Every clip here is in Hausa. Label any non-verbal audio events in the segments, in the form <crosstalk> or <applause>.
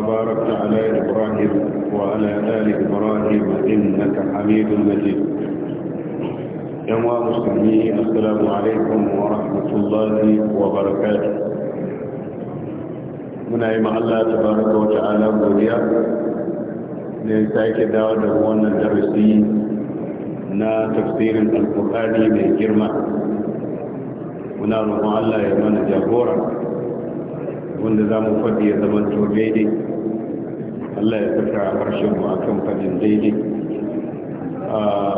باركت على إبراهيم وعلى آل إبراهيم إنك حميد مجيد يا مسلمين السلام عليكم ورحمة الله وبركاته من أي الله تبارك وتعالى بوليا لنسائك دعوة وانا درسي نا تفسير القرآن من girma muna الله Allah ya mana wanda za mu faɗi ya zama to daidai Allah ya saka harshen mu akan faɗin daidai ah,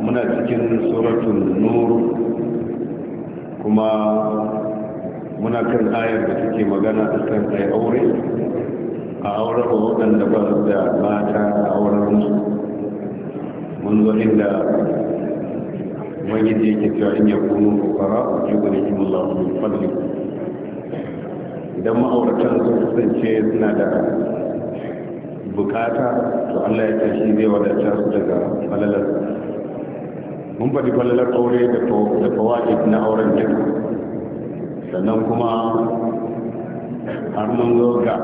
muna cikin suratun nur kuma muna kan ayar da take magana a kan kai aure a auren waɗanda ba su da mata a auren musu mun zo inda wani da yake cewa in ya kunu fukara yugunin imallahu min idan ma'auratan sun kasance suna da bukata to allah ya shi zai wadata su daga falalar mun faɗi falalar aure da fawa'id na auren duk sannan kuma har mun zo ga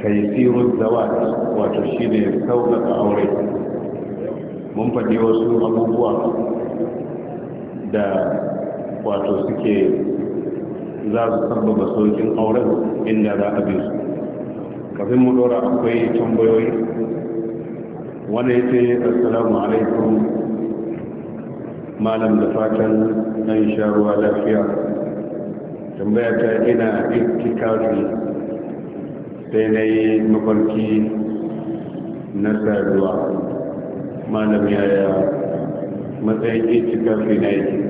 taisirun zawat wato shi ne sauƙaƙa aure mun faɗi wasu abubuwa da wato suke za su sabbaba saukin auren inda za a bi su kafin mu dora akwai tambayoyi wani ya ce assalamu alaikum malam da fatan an sha ruwa lafiya tambaya ta ina itikafi sai na yi mafarki na ruwa malam yaya matsayin itikafi na yake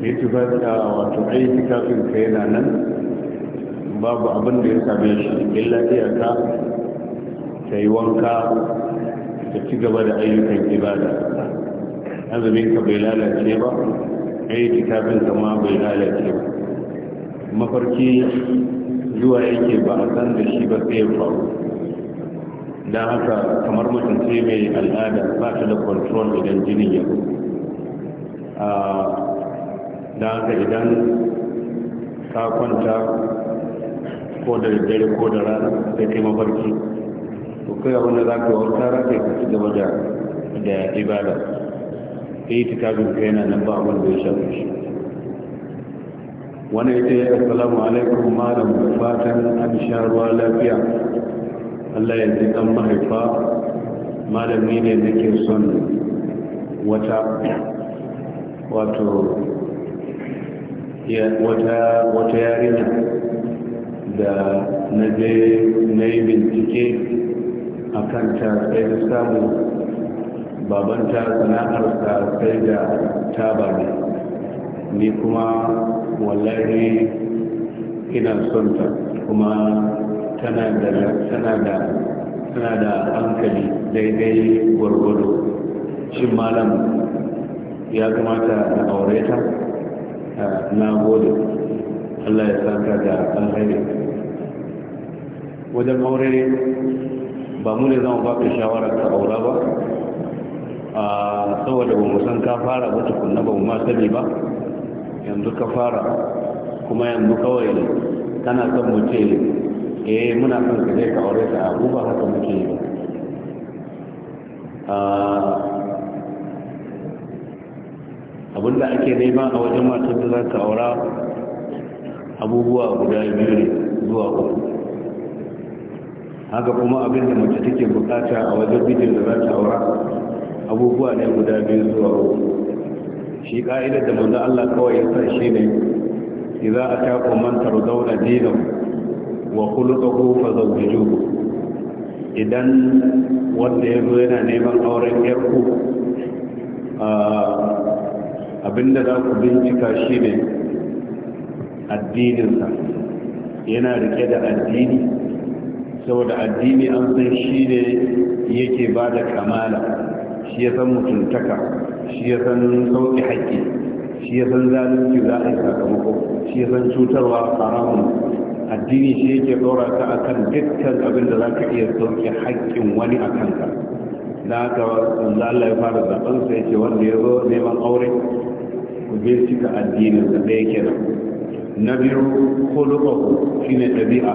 yake ba da wato aiki kafin ka yana nan babu abin da ya same shi illa iyaka ta yi wanka ta ci gaba da ayyukan ibada azumin ka bai lalace ba aiki kafin ka bai lalace ba mafarki zuwa yake ba a san da shi ba sai faru don haka kamar mutum sai mai al'ada ba ta da control idan jinin ya a ah, da haka idan ka kwanta ko da dare ko da rana sai kai mafarki to kai abin da za ka wata rata ka ci gaba da da ibada kai ta kafin ka yana nan ba abin da ya shafi shi wani ita ya assalamu alaikum malam fatan an sha ruwa lafiya Allah ya ji kan mahaifa malami ne nake son wata wato wata yarinya da na je na yi bincike a kan ta, sai da samu babanta sana'arsa sai da taba ne ni kuma wallahi ina son ta kuma tana da tana da tana da hankali daidai gwargwado shin malam ya kamata na aure ta na gode Allah ya saka da alheri wajen aure ba mu ne zama baka shawarar ka aura ba a saboda ba mu san ka fara ba kunna ba mu ma sani ba yanzu ka fara kuma yanzu kawai kana son mu ce eh muna son ka je ka aure ta abu ba haka muke yi ba abinda ake nema a wajen matan da za aura abubuwa guda biyu ne zuwa uku haka kuma abinda mace take bukata a wajen bijin da za ta aura abubuwa ne guda biyu zuwa uku shi ka'idar da manzo Allah kawai ya sa shi ne idza ataqu man tardawna dinu wa khuluquhu fazawwijuhu idan wanda ya zo yana neman auren yarku ah, abinda za ku bincika shi ne addininsa yana rike da addini saboda addini an san shi ne yake ba da kamala shi ya san mutuntaka shi ya san sauƙi haƙƙi shi ya san zalunci za a yi sakamako shi ya san cutarwa haramun addini shi yake ɗora ka a kan dukkan abin da za ka iya sauƙi haƙƙin wani a kanka da haka wanzu Allah ya fara zaɓensa ya ce wanda ya zo neman aure bai cika addinin da ɗaya kenan na biyu kulubahu shine ɗabi'a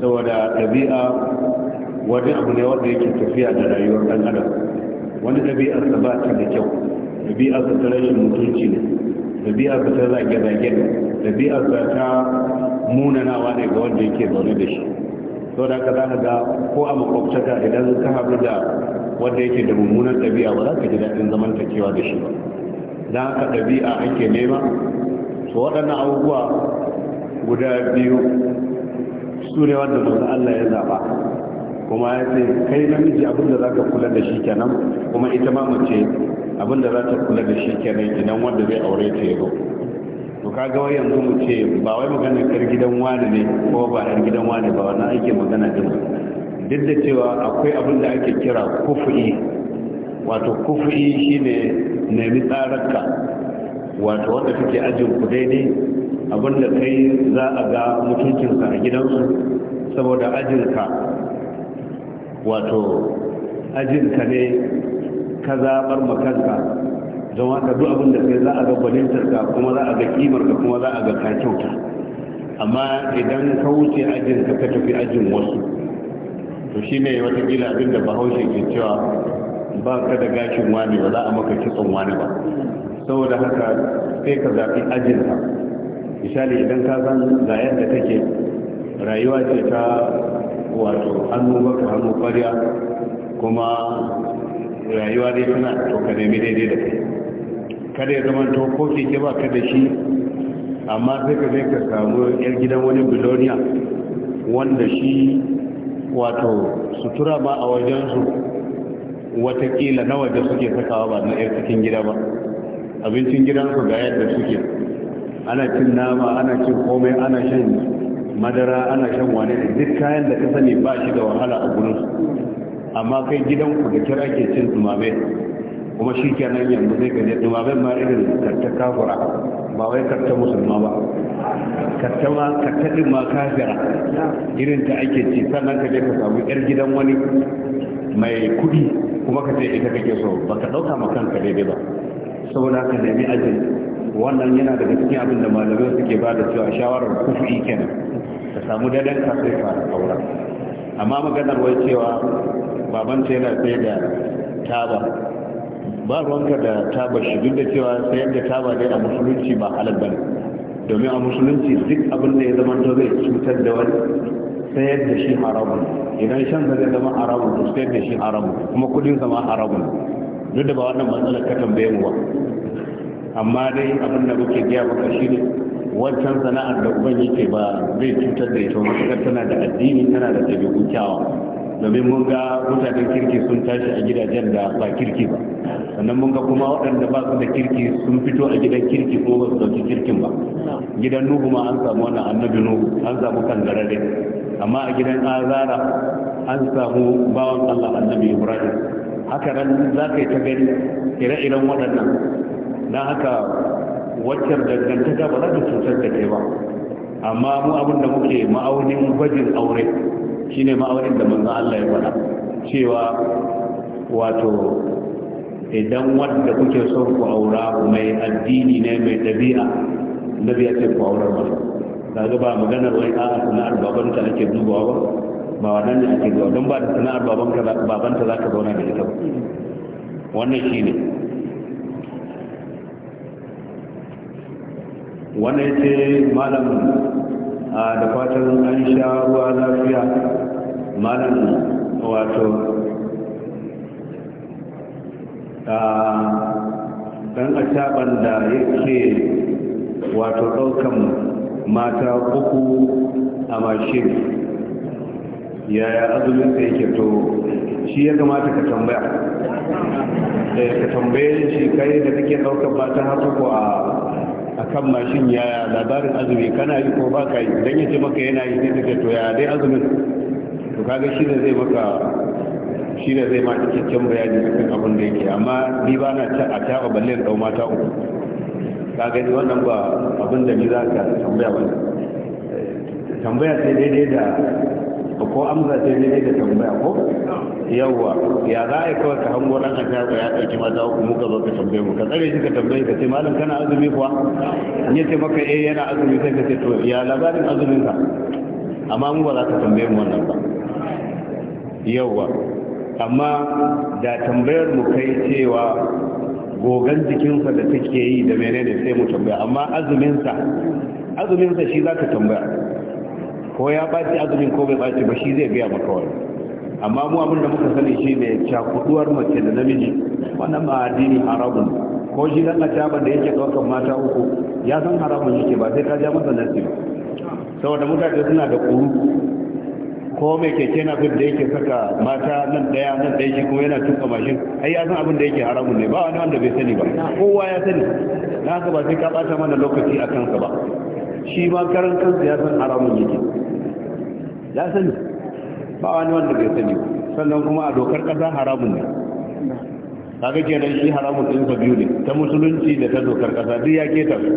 saboda ɗabi'a wani abu ne wanda yake tafiya da rayuwar ɗan adam wani ɗabi'ar sa ba ta da kyau ɗabi'ar sa ta rashin mutunci ne ɗabi'ar sa ta zage-zage ne ɗabi'ar sa ta munanawa ne ga wanda yake zaune da shi sau da ka zaka ga ko a makwabtaka idan ka haɗu da wanda yake da mummunan ɗabi'a ba za ka ji daɗin zamantakewa da shi ba na haka ɗabi'a ake nema su waɗannan abubuwa guda biyu su ne wanda zuwa Allah ya zaɓa. kuma ya ce kai namiji abinda za ka kula da shi kenan kuma ita ma mace abinda za ta kula da shi kenan idan wanda zai aure ta yazo to kaga wai yanzu mu ce ba wai magana kar gidan wani ne ko ba har gidan wani ba wannan ake magana din duk da cewa akwai abin da ake kira kufu'i wato kufu'i shine nemi tsararka wato wanda suke ajin ku daidai abinda kai za a ga mutuncinka a gidansu saboda ajinka wato ajinka ne ka zaɓar makanka don haka duk abinda kai za a ga gwanintarka kuma za a ga kimarka kuma za a ga amma idan ka wuce ajinka ka tafi ajin wasu to shi ne watakila abinda bahaushe ke cewa ba ka da gashin wani ba za a maka kitson wani ba saboda haka sai ka zafi ka misali idan ka san ga yadda take rayuwa ce ta wato hannu maka hannu kwariya kuma rayuwa dai tana to ka nemi daidai da kai kada ya zama to ko keke ba ka da shi amma sai ka zai ka samu yar gidan wani biloniya wanda shi wato sutura ba a wajen su. watakila na waje suke sakawa ba na yar cikin gida ba abincin gidansu ga yadda suke ana cin nama ana cin komai ana shan madara ana shan wane da duk kayan da ka sani ba shi da wahala a gurinsu amma kai gidanku da kira ke cin tumame kuma shi kenan yanzu zai gaje tumame ma irin karta kafura ba wai karta musulma ba karta ma karta din ma kafira irin ta ake ci sannan ka je ka samu yar gidan wani mai kudi kuma ka ce ita kake so baka ka ɗauka ma kanka daidai ba saboda ka nemi ajin wannan yana daga cikin abin da malamai suke ba da cewa shawarar kufi kenan ka samu daidai ka sai ka aura amma maganar wai cewa baban ta yana sai da taba ba ruwanka da taba shi duk da cewa sayar da taba dai a musulunci ba halal bane domin a musulunci duk abin da ya zama zai cutar da wani sayar da shi haramun idan shan zai zama haramun to sayar da shi haramun kuma kudin zama haramun duk da ba wannan matsalar ka tambaye mu ba amma dai abin da muke gaya maka shi ne wancan sana'ar da uban yake ba zai cutar da ita matuƙar tana da addini tana da ɗabi'u kyawa domin mun ga mutanen kirki sun tashi a gidajen da ba kirki ba sannan mun ga kuma waɗanda ba su da kirki sun fito a gidan kirki ko ba su ɗauki kirkin ba gidan nuhu ma an samu wannan annabi nuhu an samu kangarare amma a gidan azara an samu bawan allah annabi ibrahim haka nan za ka yi ta gani ire-iren waɗannan Na haka waccan dangantaka ba za ta cutar da kai ba amma mu abin da muke ma'aunin gwajin aure shine ma'aunin da manzan Allah ya faɗa cewa wato idan wanda kuke son ku aura mai addini ne mai ɗabi'a na biya ce ku aurar masa kaga ba maganar wani a'a sana'ar babanta ake dubawa ba ba nan ne ake dubawa don ba da sana'ar babanta za ka zauna da ita ba wannan shine wanda ya ce malam da fatan an sha ruwa lafiya malam wato ɗan acaban da ya ke wato ɗaukan mata uku a mashin yaya azumin da yake to shi ya kamata ka tambaya eh, ka tambaye shi kai da take ɗaukan mata haka ko a akan mashin yaya labarin azumi kana yi ko ba ka yi idan ya ce maka yana yi sai take to ya dai azumin to kaga shi da zai maka shi da zai maka cikakken bayani cikin abin da yake amma ni ba na ta a ta balle da mata uku ka ni wannan ba abin da ni za ka tambaya ba eh, tambaya sai daidai da ko amsa ce ne da tambaya ko yawwa ya za a yi kawai ka hango ɗan ashaka ya ɗauki mata uku muka zo ka tambaye mu ka tsare shi ka tambaye ka ce malam kana azumi kuwa in ya ce maka eh yana azumi sai ka ce to ya labarin azumin ka amma mu ba za ka tambaye mu wannan ba yawwa amma da tambayar mu kai cewa gogan jikinsa da take yi da menene sai mu tambaya amma azuminsa azuminsa shi za ka tambaya ko ya ɓaci azumin ko bai ɓaci ba shi zai gaya maka wani amma mu abin da muka sani shi ne cakuduwar mace da namiji wannan ba addini haramun ko shi dan ba da yake ɗaukar mata uku ya san haramun yake ba sai ka ja masa nasi ba saboda mutane suna da ƙuru ko mai keke na fit da yake saka mata nan ɗaya nan ɗaya shi kuma yana tuka mashin ai ya san abin da yake haramun ne ba wani wanda bai sani ba kowa ya sani na haka ba sai ka ɓata mana lokaci a kansa ba shi ma karan kansa ya san haramun yake ya sani ba wani wanda bai sani sannan kuma a dokar ƙasa haramun ne kaga kenan shi haramun din sa biyu ne ta musulunci da ta dokar ƙasa duk ya keta su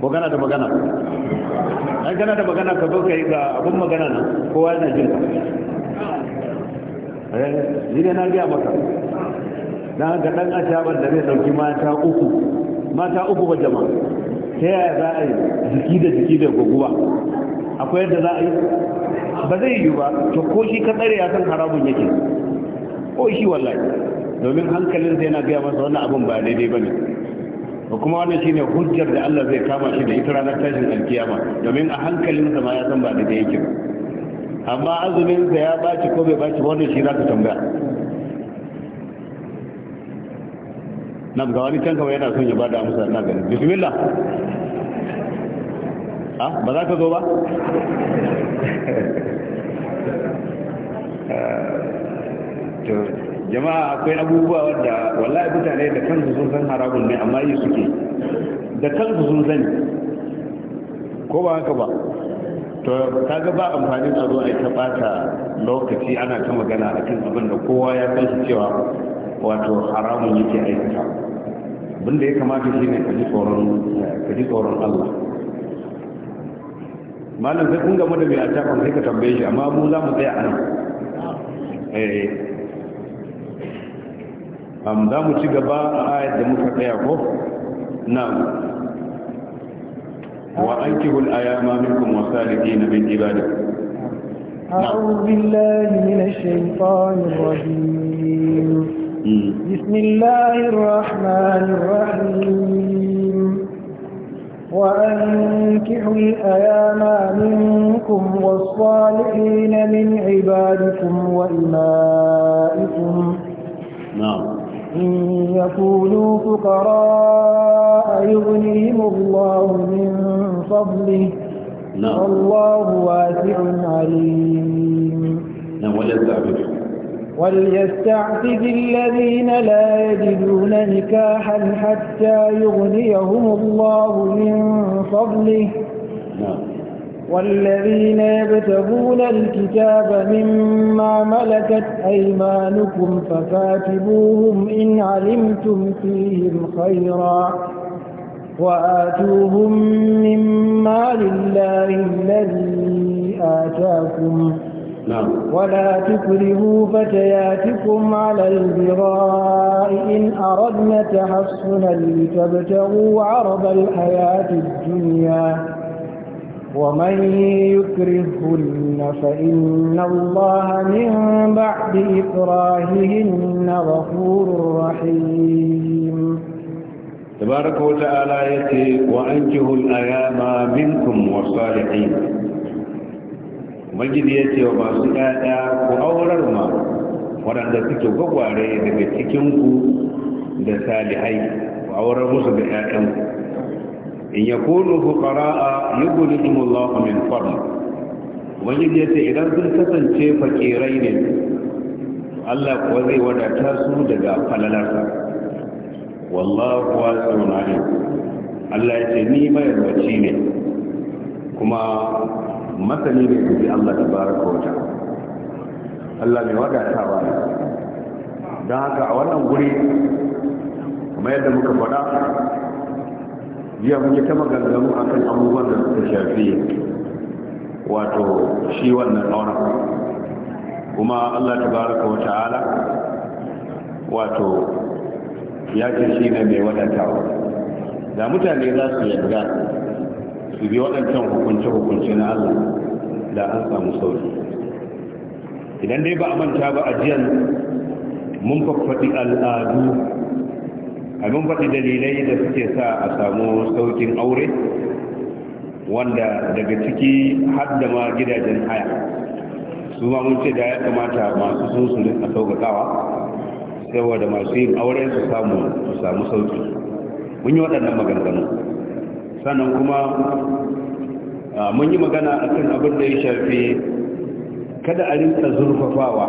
ko kana da magana ai kana da magana ka zo kai ga abun magana nan kowa yana jin ka eh, ni ne na ga maka dan ga dan ashaban da zai dauki mata uku mata uku ba jama'a ta yaya za a yi jiki da jiki da guguwa akwai yadda za a yi ba zai yi ba to ko shi ka tsare ya san haramun yake ko shi wallahi domin hankalin sai na gaya masa wannan abin ba daidai ba ne ba kuma wannan shine hujjar da Allah zai kama shi da ita ranar tashin alkiyama domin a hankalin sa ma ya san ba daidai yake ba amma azumin sa ya baci ko bai baci wannan shi zaka tambaya nan ga wani can yana son ya bada amsa na gani bismillah Ah, ba za ka zo ba jama'a akwai abubuwa wadda wallahi mutane da kansu sun san haramun ne amma yi suke da kansu sun sani ko ba haka ba to kaga ba amfani a zo a ta bata lokaci ana ta magana a kan abin da kowa ya san su cewa wato haramun yake aikata abin da ya kamata ne, ka ji tsoron Allah malam sai kun gamu da mai attaqon sai ka tambaye shi amma mu za mu tsaya a nan eh, eh. am za mu ci gaba a ayat da muka tsaya ko na wa na'am وأنكحوا الأيام منكم والصالحين من عبادكم أعوذ بالله من الشيطان الرجيم hmm. بسم الله الرحمن الرحيم وأنكحوا الأيام منكم والصالحين من عبادكم وإمائكم نعم إن يكونوا فقراء يغنيهم الله من فضله نعم والله واسع عليم نعم ولا تعبدوا وليستعفف الذين لا يجدون نكاحا حتى يغنيهم الله من فضله نعم. والذين يبتغون الكتاب مما ملكت أيمانكم فكاتبوهم إن علمتم فيهم خيرا وآتوهم مما لله الذي آتاكم نعم. ولا تكرهوا فتياتكم على البغاء إن أردنا تحصنا لتبتغوا عرض الحياة الدنيا ومن يكرهن فإن الله من بعد إكراههن غفور رحيم تبارك وتعالى يتي وأنجه الأيام منكم والصالحين ubangiji ya ce wa masu ƴaƴa ko aurar ma waɗanda suke gwagware daga cikinku da salihai ku aurar musu da ƴaƴanku in ya yakunu fuqara'a yughnihimullahu min fadli ubangiji ya ce idan sun kasance fakirai ne Allah kuwa zai wadata su daga falalarsa wallahu wasi'un alim Allah ya ce ni mai ne kuma matsali ne da shi Allah tabaraka wa ta'ala Allah mai wadatawa ne don haka a wannan guri kuma yadda muka faɗa jiya muke ta a kan abubuwan da suka shafi wato shi wannan aura kuma Allah tabaraka wa ta'ala wato ya ce shi ne mai wadatawa da mutane za su yarda su bi waɗancan hukunce-hukunce na Allah da an samu sauri. idan dai ba a manta ba ajiyar mun faɗi al'adu a mun faɗi dalilai da suke sa a samu saukin aure wanda daga ciki haddama ma gidajen haya su ma mun ce da ya kamata masu sun su a sauƙaƙawa saboda masu yin aure su samu sauki mun yi waɗannan maganganu sannan kuma mun yi magana a kan abin da ya shafi kada a rinka zurfafawa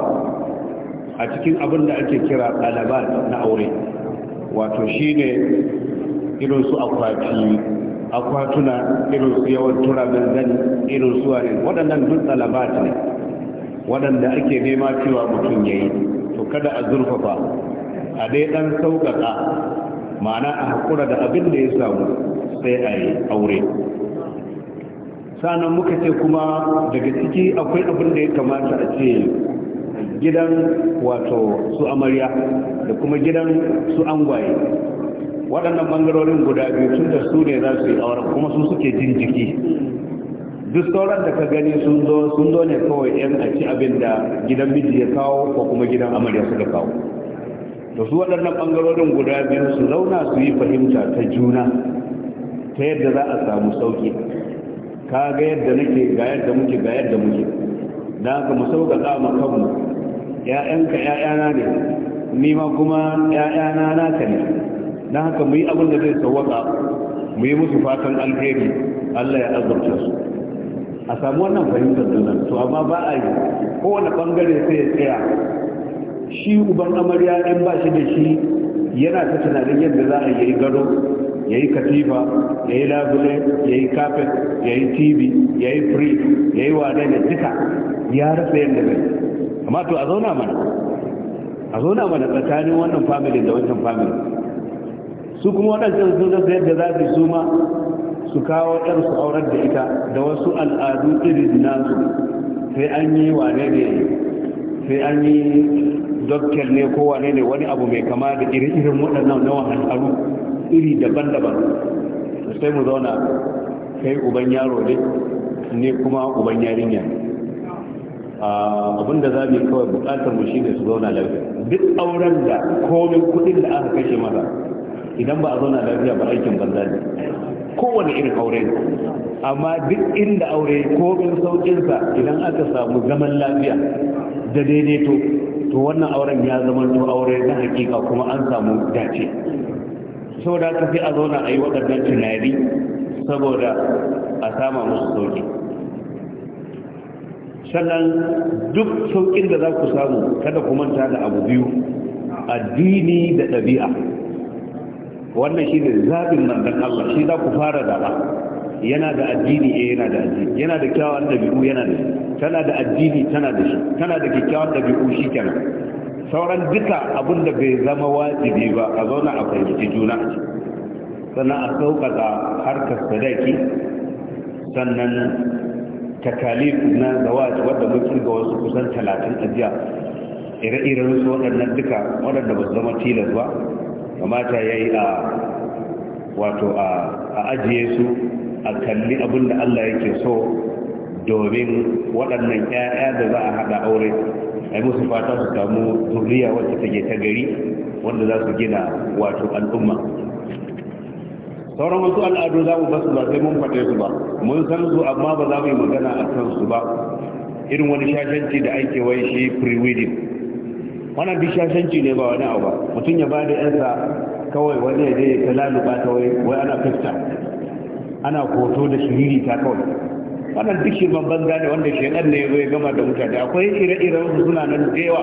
a cikin abin da ake kira ɗaliban na aure wato shi ne irin su akwati akwatuna irin su yawan turamin zan irin su wani waɗannan duk ɗaliban ne waɗanda ake nema cewa mutum ya yi to kada a zurfafa a dai ɗan sauƙaƙa ma'ana a haƙura da abin da ya samu sai a yi aure sanan muka ce kuma daga ciki akwai abin da ya kamata a ce gidan wato su amarya da kuma gidan su angwaye waɗannan ɓangarorin guda biyu tun da su ne za su yi auren kuma su suke jin jiki duk sauran da ka gani sun zo sun zo ne kawai yan a ci abin da gidan miji ya kawo ko kuma gidan amarya suka kawo da su waɗannan ɓangarorin guda biyu su zauna su yi fahimta ta juna ta yadda za a samu sauki ka ga yadda nake ga yadda muke ga yadda muke da haka mu sauƙaƙa ma kanmu ƴaƴanka ƴaƴana ne ni ma kuma ƴaƴana naka ne na haka mu yi abin da zai sauwaka mu yi musu fatan alheri Allah ya azurta su a samu wannan fahimtar dunan to amma ba a yi kowane bangare sai ya tsaya shi uban amarya in ba shi da shi yana ta tunanin yadda za a yi gado ya yi katifa ya yi labule ya yi kafet ya yi tv ya yi free ya yi wane ne duka ya rufe yadda bai amma to a zauna mana a zauna mana tsakanin wannan family da wancan family su kuma waɗancan sun sayar yadda za su su ma su kawo ɗan su aurar da ita da wasu al'adu irin nasu sai an yi wane ne sai an yi doktor ne ko wane ne wani abu mai kama da ire-iren waɗannan na wahalhalu iri daban-daban sai mu zauna kai uban yaro ne ne kuma uban yarinya abin da za mu kawai bukatar mu shi ne su zauna lafiya duk auren da komin kuɗin da aka kashe mara idan ba a zauna lafiya ba aikin banza ne kowane irin aure ne amma duk inda aure komin saukinsa idan aka samu zaman lafiya da daidaito to wannan auren ya zama to aure na hakika kuma an samu dace saboda ka sai a zauna a yi waɗannan tunani saboda a sama musu sauki sannan duk sauƙin da za ku samu kada ku manta da abu biyu addini da ɗabi'a wannan shi ne zaɓin mandan Allah shi za ku fara da ba yana da addini eh yana da addini yana da kyawawan dabi'u yana da shi tana da addini tana da shi tana da kyawawan dabi'u shi kenan sauran duka abin da bai zama wajibi ba a zauna a fahimci juna sannan a sauƙaƙa harkar sadaki sannan takalif na zawaji wadda mutum ga wasu kusan talatin ajiya ire-iren su waɗannan duka waɗanda ba su zama tilas ba kamata ya yi a wato a ajiye su a kalli abin da Allah yake so domin waɗannan ƴaƴa da za a haɗa aure ai musu fata su samu zuriya wacce take ta gari wanda za su gina wato al'umma sauran wasu al'adu za mu basu ba sai mun faɗe su ba mun san su amma ba za mu yi magana a kan su ba irin wani shashanci da ake wai shi pre-wedding wannan duk shashanci ne ba wani abu ba mutum ya ba da yansa kawai wani ya je ya ta laluba ta wai ana fifta ana koto da shiriri ta kawai wannan duk shi banza ne wanda shekar ne ya gama da mutane akwai ire-iren suna nan da yawa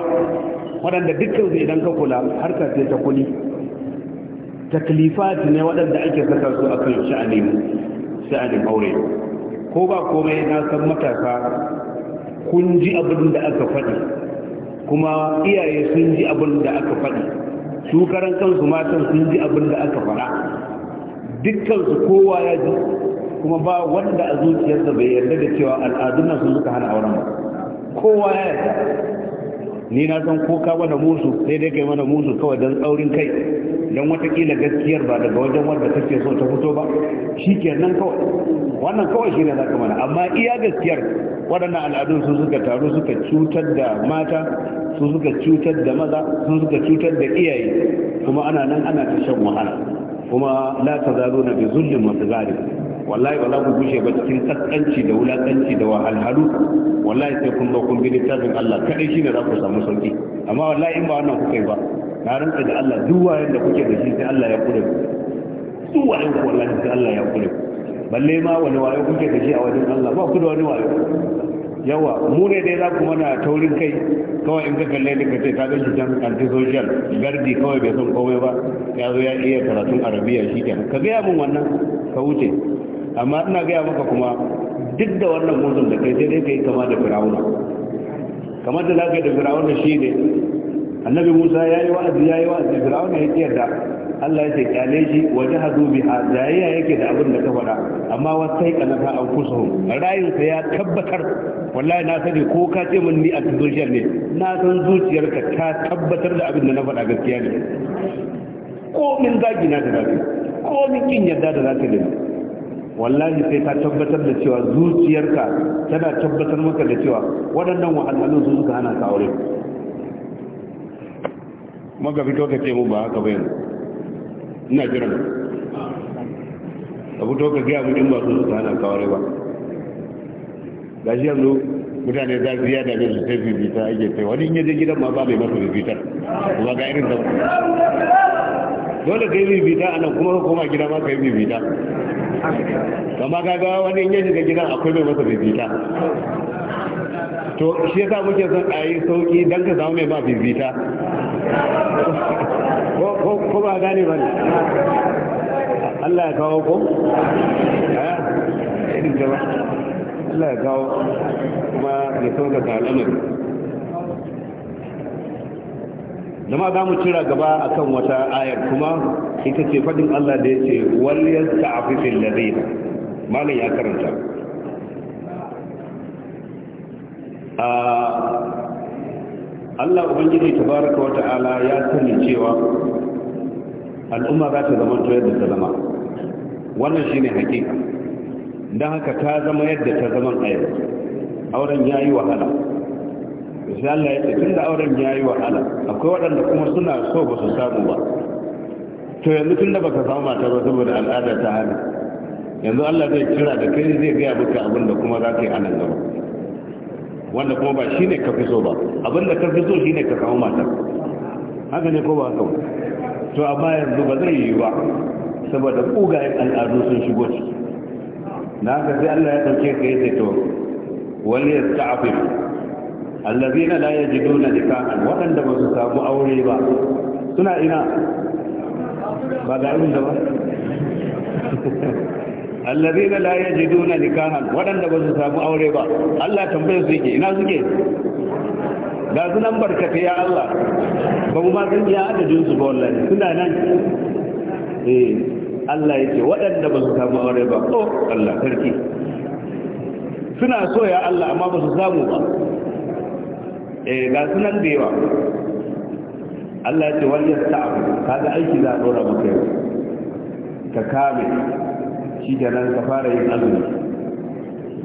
waɗanda dukkan su idan ka kula harkar sai ta kuli taklifat ne waɗanda ake saka su a kan sha'anin sha'anin aure ko ba komai na san matasa kun ji abin da aka faɗi kuma iyaye sun ji abin da aka faɗi su karan kansu matan sun ji abin da aka faɗa dukkan su kowa ya ji kuma ba wanda a zuciyarsa bai yarda da cewa al'adun nan sun suka hana auren ba kowa ya yarda ni na san ko ka mana musu sai dai kai mana musu kawai don tsaurin kai don watakila gaskiyar ba daga wajen wanda kake so ta fito ba shi kenan kawai wannan kawai shi ne za ka mana amma iya gaskiyar waɗannan al'adun sun suka taru suka cutar da mata sun suka cutar da maza sun suka cutar da iyaye kuma ana nan ana ta shan wahala kuma la tazaluna bi zullin wa tazalin wallahi ba za ku gushe ba cikin kaskanci da wulakanci da wahalhalu wallahi sai kun zo kun bi littafin Allah kadai shine za ku samu sauki amma wallahi in ba wannan kuka yi ba na rantsa da Allah duk wayan da kuke da shi sai Allah ya kure ku duk wayan ku wallahi sai Allah ya kure ku balle ma wani wayo kuke da shi a wajen Allah ba ku da wani wayo yawa mu ne dai za ku mana taurin kai kawai in ka kalle ka ce ka ga jijan antisocial gardi kawai bai san komai ba ya zo ya iya karatun arabiya shi ke ka gaya min wannan ka wuce amma ina gaya maka kuma duk da wannan mutum da kai sai dai kai kama da firawuna kamar da za ka yi da firawuna shi ne annabi musa ya yi wa'azi ya yi wa'azi firawuna ya ƙiyar da Allah ya ce kyale shi wa jahadu biha jayayya yake da abin da ka faɗa amma sai kanafa an kusuhum rayin sa ya tabbatar wallahi na sani ko ka ce min ni a social ne na san zuciyarka ta tabbatar da abin da na faɗa gaskiya ne ko min zagi na da zagi ko min kin yadda da zaka da wallahi sai ka tabbatar da cewa zuciyarka tana tabbatar maka da cewa waɗannan wahalhalun su suka hana ka aure magabi fito ka ce mu ba haka ba yanzu ina jiran abu to ka gaya mutum ba su su ta hana kawai ba ga shi yanzu mutane za su yada ne su sai bibita ake sai wani in yaje gidan ma ba mai masa bibitar kuma ga irin da dole ka yi bibita a nan kuma ka koma gida ma ka yi bibita kama kaga wani in ya shiga gidan akwai mai masa bibita to shi yasa muke son a yi sauki don ka samu mai ma bibita ko ba gane ba ne Allah ya kawo ko eh, Allah ya kawo kuma ya sauka ga al'amari zama za mu cira gaba akan wata ayar kuma ita ce fadin Allah da ya ce waliyar ta'afifin ladina malam ya karanta Allah Ubangiji tabaraka wa ya sani cewa al'umma za ta zama to yadda ta zama wannan shi ne hakika don haka ta zama yadda ta zama a yau auren ya yi wahala sai Allah ya ce tun da auren ya yi wahala akwai waɗanda kuma suna so ba su samu ba to yanzu tun da ka samu mata ba saboda al'ada ta hana yanzu Allah zai kira da kai zai gaya maka abin da kuma za ka yi a nan gaba wanda kuma ba shi ne ka fi so ba abin da ka fi so shi ne ka samu mata haka ne ko ba haka to amma yanzu ba zai yi ba saboda ƙugayen al'adu sun shigo ciki na haka sai Allah ya ɗauke ka yi to wani ya da ya ji nuna jika waɗanda ba su samu aure ba suna ina ba ga irin da ba <laughs> allazina la yajiduna jika waɗanda ba su samu aure ba Allah tambayar su yake ina suke ga su barkata ya Allah ba mu ba san iya adadin su ba wallahi suna nan eh Allah yake waɗanda ba su samu aure ba oh Allah sarki suna so ya Allah amma ba su samu ba eh ga sunan da yawa Allah ya ce wal yasta'u kaga aiki za a dora maka yau ka kame shi da nan ka fara yin azumi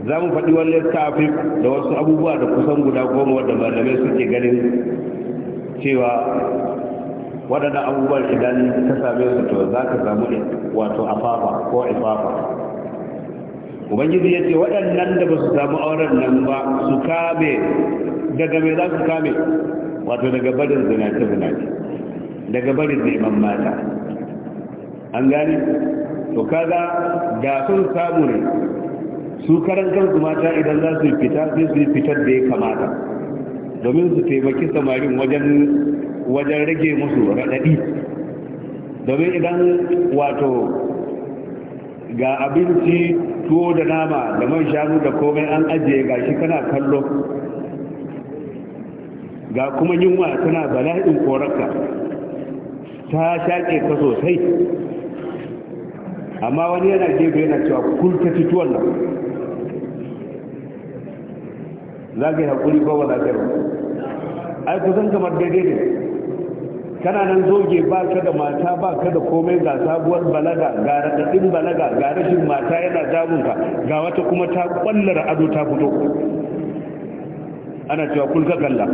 za mu faɗi wani yasta'u da wasu abubuwa da kusan guda goma wanda malamai suke ganin cewa waɗannan abubuwan idan ka same su to za ka samu wato afafa ko ifafa ubangiji ya ce waɗannan da ba su samu auren nan ba su kame daga mai za su kame wato daga barin zinace-zinace daga barin neman mata an gani to kaga da sun samu ne su karan kansu mata idan za su fita sai su fitar da ya kamata domin su taimaki samarin wajen rage musu raɗaɗi domin idan wato ga abinci tuwo da nama da man shanu da komai an ajiye ga shi kana kallo ga kuma yunwa tana bala'in korarka ta shaƙe ka sosai amma wani yana gefe yana cewa kulta tuwon nan za ka yi haƙuri ko ba za ka yi ai kusan kamar daidai ne kana nan zoge ba ka da mata ba ka da komai ga sabuwar balaga ga raɗaɗin balaga ga rashin mata yana damunka ga wata kuma ta ƙwallara ado ta fito ana cewa kun ka kalla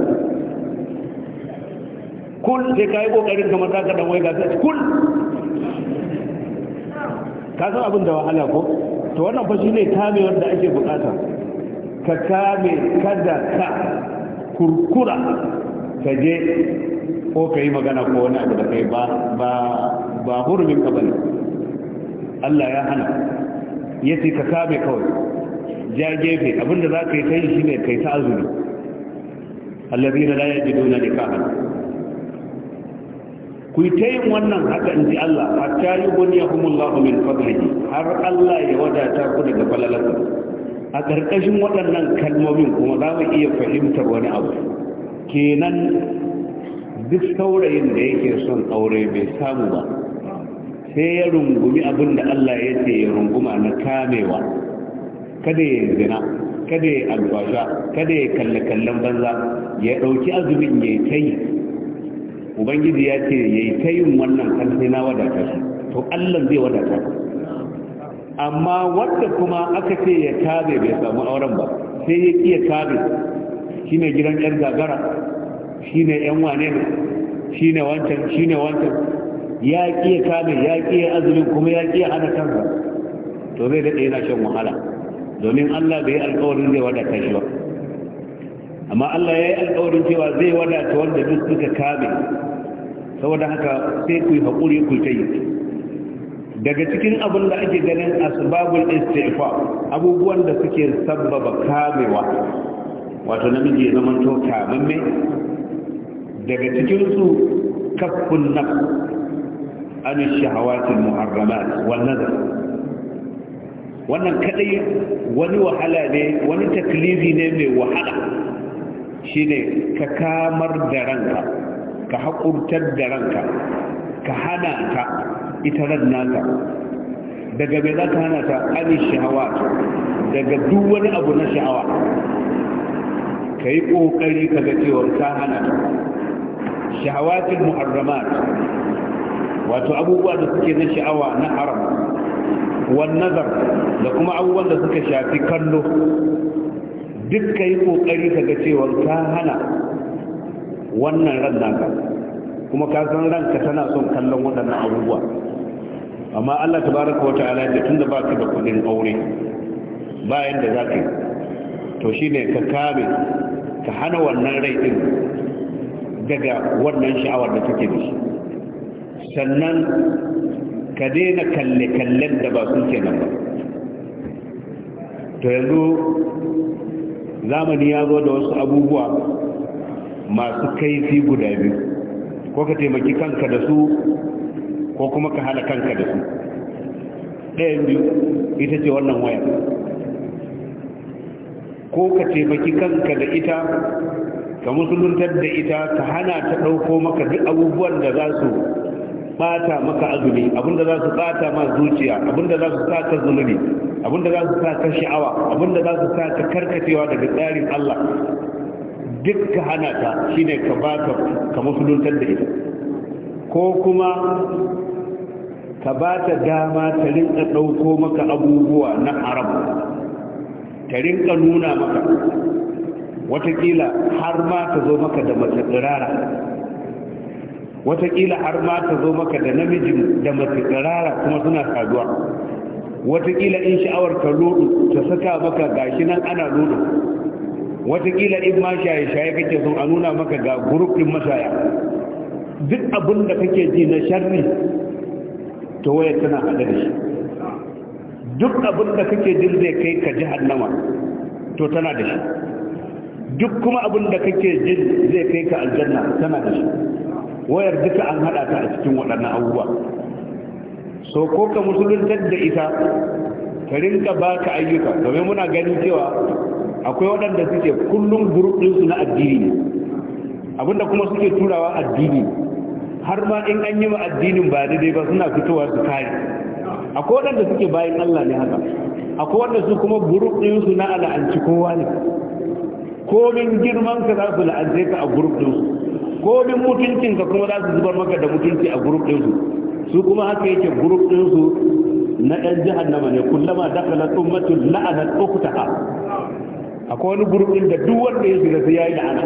kun sai ka yi ƙoƙarin kamar za ka ɗan wai gasa kun ka san abin da wahala ko to wannan fa ne kamewar da ake bukata ka kame kada ka kurkura ka je ko ka yi magana ko wani abu da kai ba hurumin ka bane Allah ya hana ya ce ka kame kawai ja gefe abinda za ka yi kai shi ne kai ta azumi allabi na layar jido na da kama ku yi ta yin wannan haka in ji Allah hatta yi kuma humullahu min fadlihi har Allah ya wadata ku daga falalarsa a ƙarƙashin waɗannan kalmomin kuma za mu iya fahimtar wani abu kenan duk saurayin da yake son aure bai samu ba sai ya rungumi abin da Allah ya ce ya runguma na kamewa kada ya zina kada ya albasha kada ya kalle kallon banza ya ɗauki azumin ya ta yi ubangiji ya ce ya yi ta yin wannan kan sai na wadata to Allah zai wadata amma wanda kuma aka ce ya tabe bai samu auren ba sai ya iya tabe shi ne gidan yan gagara shi ne yan wane ne shi ne wancan shi ne wancan ya iya tabe ya iya azumin kuma ya iya hada kansa to zai daɗe yana shan wahala domin allah bai alkawarin zai wadata shi ba amma allah ya yi alkawarin cewa zai wadata wanda duk suka kame saboda haka sai ku yi haƙuri ku ta yi daga cikin abin da ake ganin asbabul istifa abubuwan da suke sabbaba kamewa wato namiji ya zama to kamamme daga cikin su kaffun nafs an shahawatil muharramat wal nazar wannan kadai wani wahala ne wani taklifi ne mai wahala shine ka kamar da ranka ka hakurtar da ranka ka hana ka ita ran nata daga mai za hana ta ani sha'awa daga duk wani abu na sha'awa ka yi ƙoƙari ka ga cewar ta hana ta sha'awatin muharramat wato abubuwa da suke na sha'awa na haram wan nazar da kuma abubuwan da suka shafi kallo duk ka yi ƙoƙari ka ga cewar ta hana wannan ran naka kuma ka san ranka tana son kallon waɗannan abubuwa amma Allah ta baraka wata ya tunda baka da da ba ka kudin aure bayan da za ka yi, to shi ne ka kame ka hana wannan rai din daga wannan sha'awar da take da shi sannan ka daina kalle-kallen da ba su ke nan ba to yanzu zamani ya zo da wasu abubuwa masu kaifi guda biyu ko ka taimaki kanka da su ko kuma ka hana kanka da su ɗayan biyu ita ce wannan wayar ko ka taimaki kanka da ita ka musuluntar da ita ka hana ta ɗauko maka duk abubuwan da za su bata maka azumi abinda za su bata ma zuciya abinda za su sa ka zunubi abinda za su sa ka sha'awa abinda za su sa ka karkacewa daga tsarin Allah duk ka hana ta shine ka ba ka musuluntar da ita ko kuma ka ba ta dama ta rinka ɗauko maka abubuwa na haram ta rinka nuna maka watakila har ma ta zo maka da mace tsirara watakila har ma ta zo maka da namijin da mace tsirara kuma suna saduwa watakila in sha'awar ka lodo ta saka maka gashi nan ana lodo watakila in ma shaye-shaye kake son a nuna maka ga gurufin mashaya duk abin da kake ji na sharri to waya tana hada da shi duk abin da kake jin zai kai ka jahannama to tana da shi duk kuma abin da kake jin zai kai ka aljanna tana da shi wayar duka an hada ta a cikin waɗannan abubuwa so ko ka musuluntar da ita ka rinka ba ka ayyuka domin muna gani cewa akwai waɗanda suke kullum gurubinsu na addini ne abinda kuma suke turawa addini ne har ma in an yi wa addinin ba daidai ba suna fitowa su kare akwai wadanda suke bayan Allah ne haka akwai wadanda su kuma gurub su na al'anci kowa ne komin girman ka za su ka a gurub su komin mutuncin ka kuma za su zubar maka da mutunci a gurub din su su kuma haka yake gurub su na ɗan jahannama ne kullama dakala ummatul la'anat ukhtaha akwai wani gurub din da duk wanda ya shiga sai yi la'ana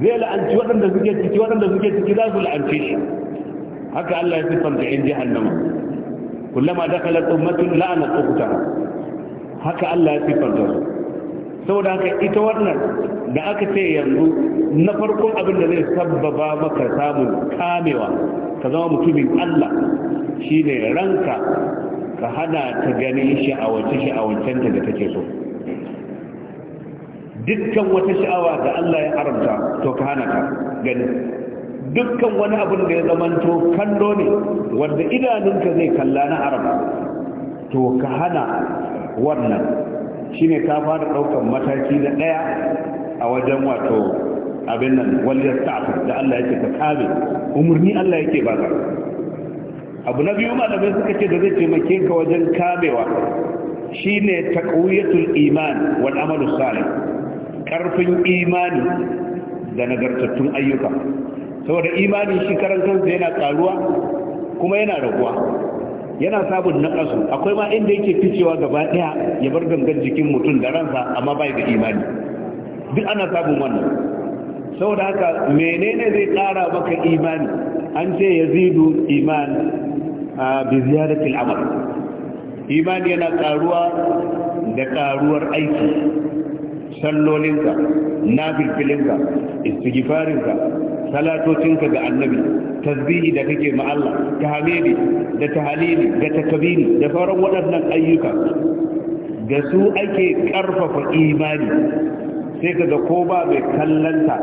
zai la'anci waɗanda suke ciki waɗanda suke ciki za su la'anci shi haka Allah ya siffanta in jahannama kullama kala ummatun la'ana ukhta haka Allah ya siffanta su saboda haka ita wannan da aka ce yanzu na farkon abin da zai sababa maka samun kamewa ka zama mutumin Allah shine ranka ka hana ta ganin sha'awace sha'awancen da take so dukkan wata sha'awa da Allah ya haramta to ka hana ta gani dukkan wani abin da ya zamanto kallo ne wanda idanunka zai kalla na haram to ka hana wannan shine ka fara daukan mataki na daya a wajen wato abin nan waliyar ta'afir da Allah yake ka kame umarni Allah yake ba ka abu na biyu malamai suka ce da zai taimake ka wajen kamewa shine taqwiyatul iman wal amalu salih ƙarfin imani da nagartattun ayyuka saboda imani shi karan kansa yana ƙaruwa kuma yana raguwa yana sabon ƙasu akwai ma inda yake ficewa gaba ɗaya ya bar gangan jikin mutum da ransa amma bai da imani duk ana sabon wannan saboda haka menene zai ƙara maka imani an ce ya zidu iman a amal imani yana ƙaruwa da ƙaruwar aiki sallolinka nafilfilinka istighfarinka salatocinka ga annabi tasbihi da kake ma Allah tahmidi da tahalili da takbiri da sauran waɗannan ayyuka da su ake karfafa imani sai kaga ko ba mai kallanta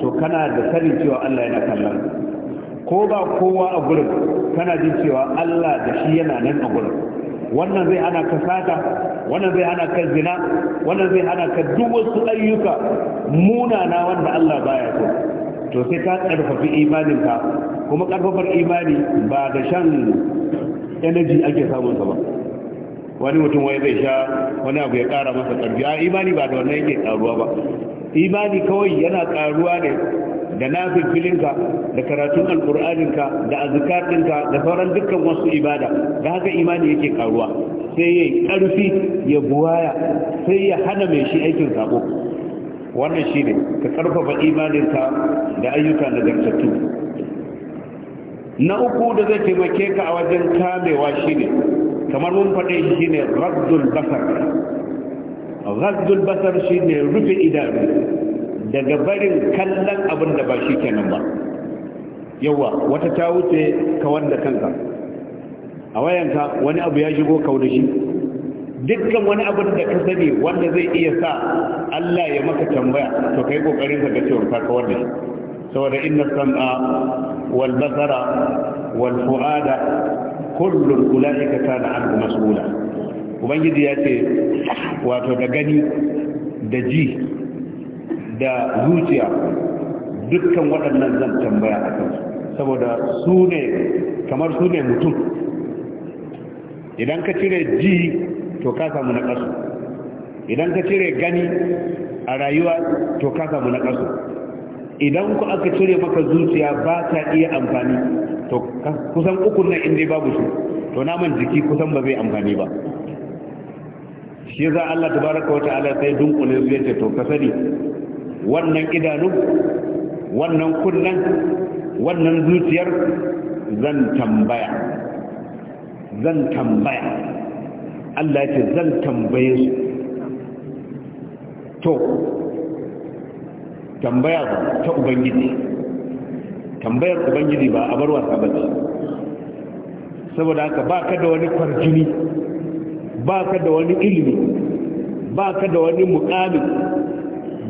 to kana da sanin cewa Allah yana kallon ko ba kowa a gurin kana jin cewa Allah da shi yana nan a gurin wannan zai hana ka sata wannan zai hana ka zina wannan zai hana ka duk wasu ayyuka munana wanda Allah baya so to sai ka karfafi imaninka kuma karfafar imani ba da shan energy ake samun sa ba wani mutum wai zai sha wani abu ya kara masa karfi a imani ba da wannan yake karuwa ba imani kawai yana karuwa ne da nafin filinka da karatun alƙur'aninka da azikatinka da sauran dukkan wasu ibada da haka imani yake karuwa sai ya ƙarfi ya buwaya sai ya hana mai shi aikin sabo wannan shi ne ka ƙarfafa imaninka da ayyuka nagartattu na uku da zai taimake ka a wajen kamewa shi ne kamar mun faɗe shi ne rabdul basar rabdul basar shi ne rufe idanu daga barin kallon abin da ba shi kenan ba yawa wata ta wuce ka wanda kanka a wayanka wani abu ya shigo ka shi dukkan wani abin da ka sani wanda zai iya sa Allah ya maka tambaya to kai kokarin ka ga cewa ka kawar da shi saboda inna sam'a wal basara wal fu'ada kullun ulaika kana anhu mas'ula ubangiji ya ce wato da gani da ji da zuciya dukkan waɗannan zan tambaya a kansu saboda su ne kamar su ne mutum idan ka cire ji to ka samu na ƙasu idan ka cire gani a rayuwa to ka samu na ƙasu idan ku aka cire maka zuciya ba ta iya amfani to kusan ukun na inda babu su to naman jiki kusan ba zai amfani ba shi za Allah tabaraka wa ta'ala sai dunkule su yace to ka sani wannan idanu wannan kunnen wannan zuciyar zan tambaya zan tambaya Allah ce zan tambaye su to tambaya ta ubangiji tambayar ubangiji ba a bar wasa ba saboda haka ba ka da wani kwarjini ba ka da wani ilimi ba ka da wani mukamin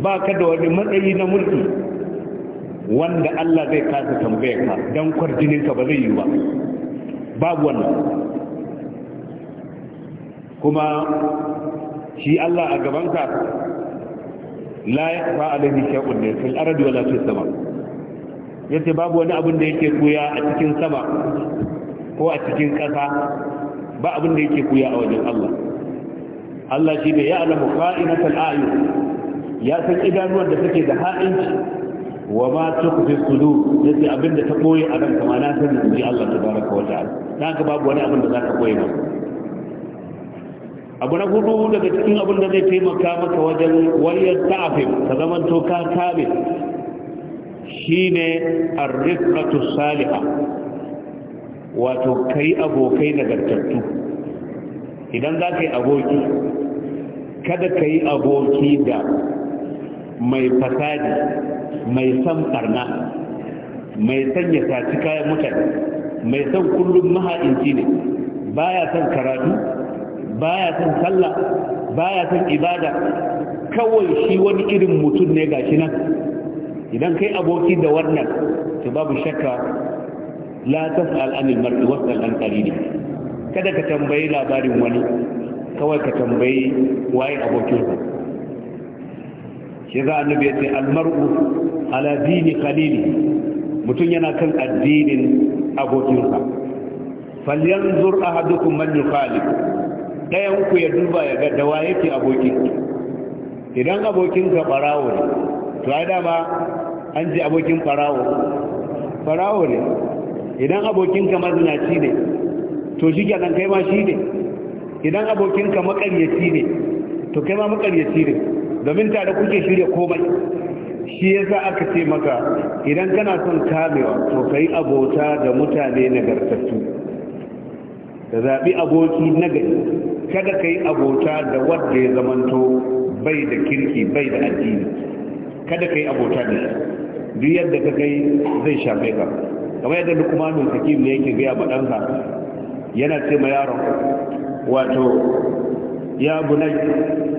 ba ka da wani matsayi na mulki wanda Allah zai kasa tambayar ka don kwarjininka ba zai yi ba babu wannan kuma shi Allah a gabanka la ya fa alaihi shay'un ne fil ardi wala fis sama yace babu wani abin da yake kuya a cikin sama ko a cikin ƙasa ba abin da yake kuya a wajen Allah Allah shi ne ya alamu fa'inatul ayun ya san idanuwar da take da ha'inci wa ma tukfi sudur yace abin da ta koyi a ranka ma na san in ji Allah tabaraka wa ta'ala dan ka babu wani abin da zaka koyi ba abu na hudu daga cikin abin da zai taimaka maka wajen waliyar ta'afin ka zaman to ka kame shine ar-rifqatu salihah wato kai abokai nagartattu idan za ka yi aboki kada ka yi aboki da mai fasadi mai san barna mai san ya saci kayan mutane mai san kullum maha'inci ne baya son karatu baya son sallah baya son ibada kawai shi wani irin mutum ne gashi nan idan kai aboki da wannan to babu shakka la tas'al anil mar'i was'al an qalili kada ka tambayi labarin wani kawai ka tambayi waye abokinsa shi za annabi ya ce almar'u ala dini mutum yana kan addinin abokinsa falyanzur ahadukum man yukhalif dayan ku ya duba ya ga wa yake abokin idan abokin ka ne to ai dama an ji abokin barawo barawo ne idan abokin ka mazinaci ne to shi kenan kai ma shi ne idan abokin ka makaryaci ne to kai ma makaryaci ne domin da kuke shirya komai shi ya yasa aka ce maka idan kana son kamewa to kai abota da mutane nagartattu da zaɓi aboki na gari kada kai abota da wanda ya zamanto bai da kirki bai da addini kada kai abota da shi duk yadda ka kai zai shafe ka kamar yadda lukmanul hakim ne yake gaya ma ɗansa yana ce ma yaron wato ya bunai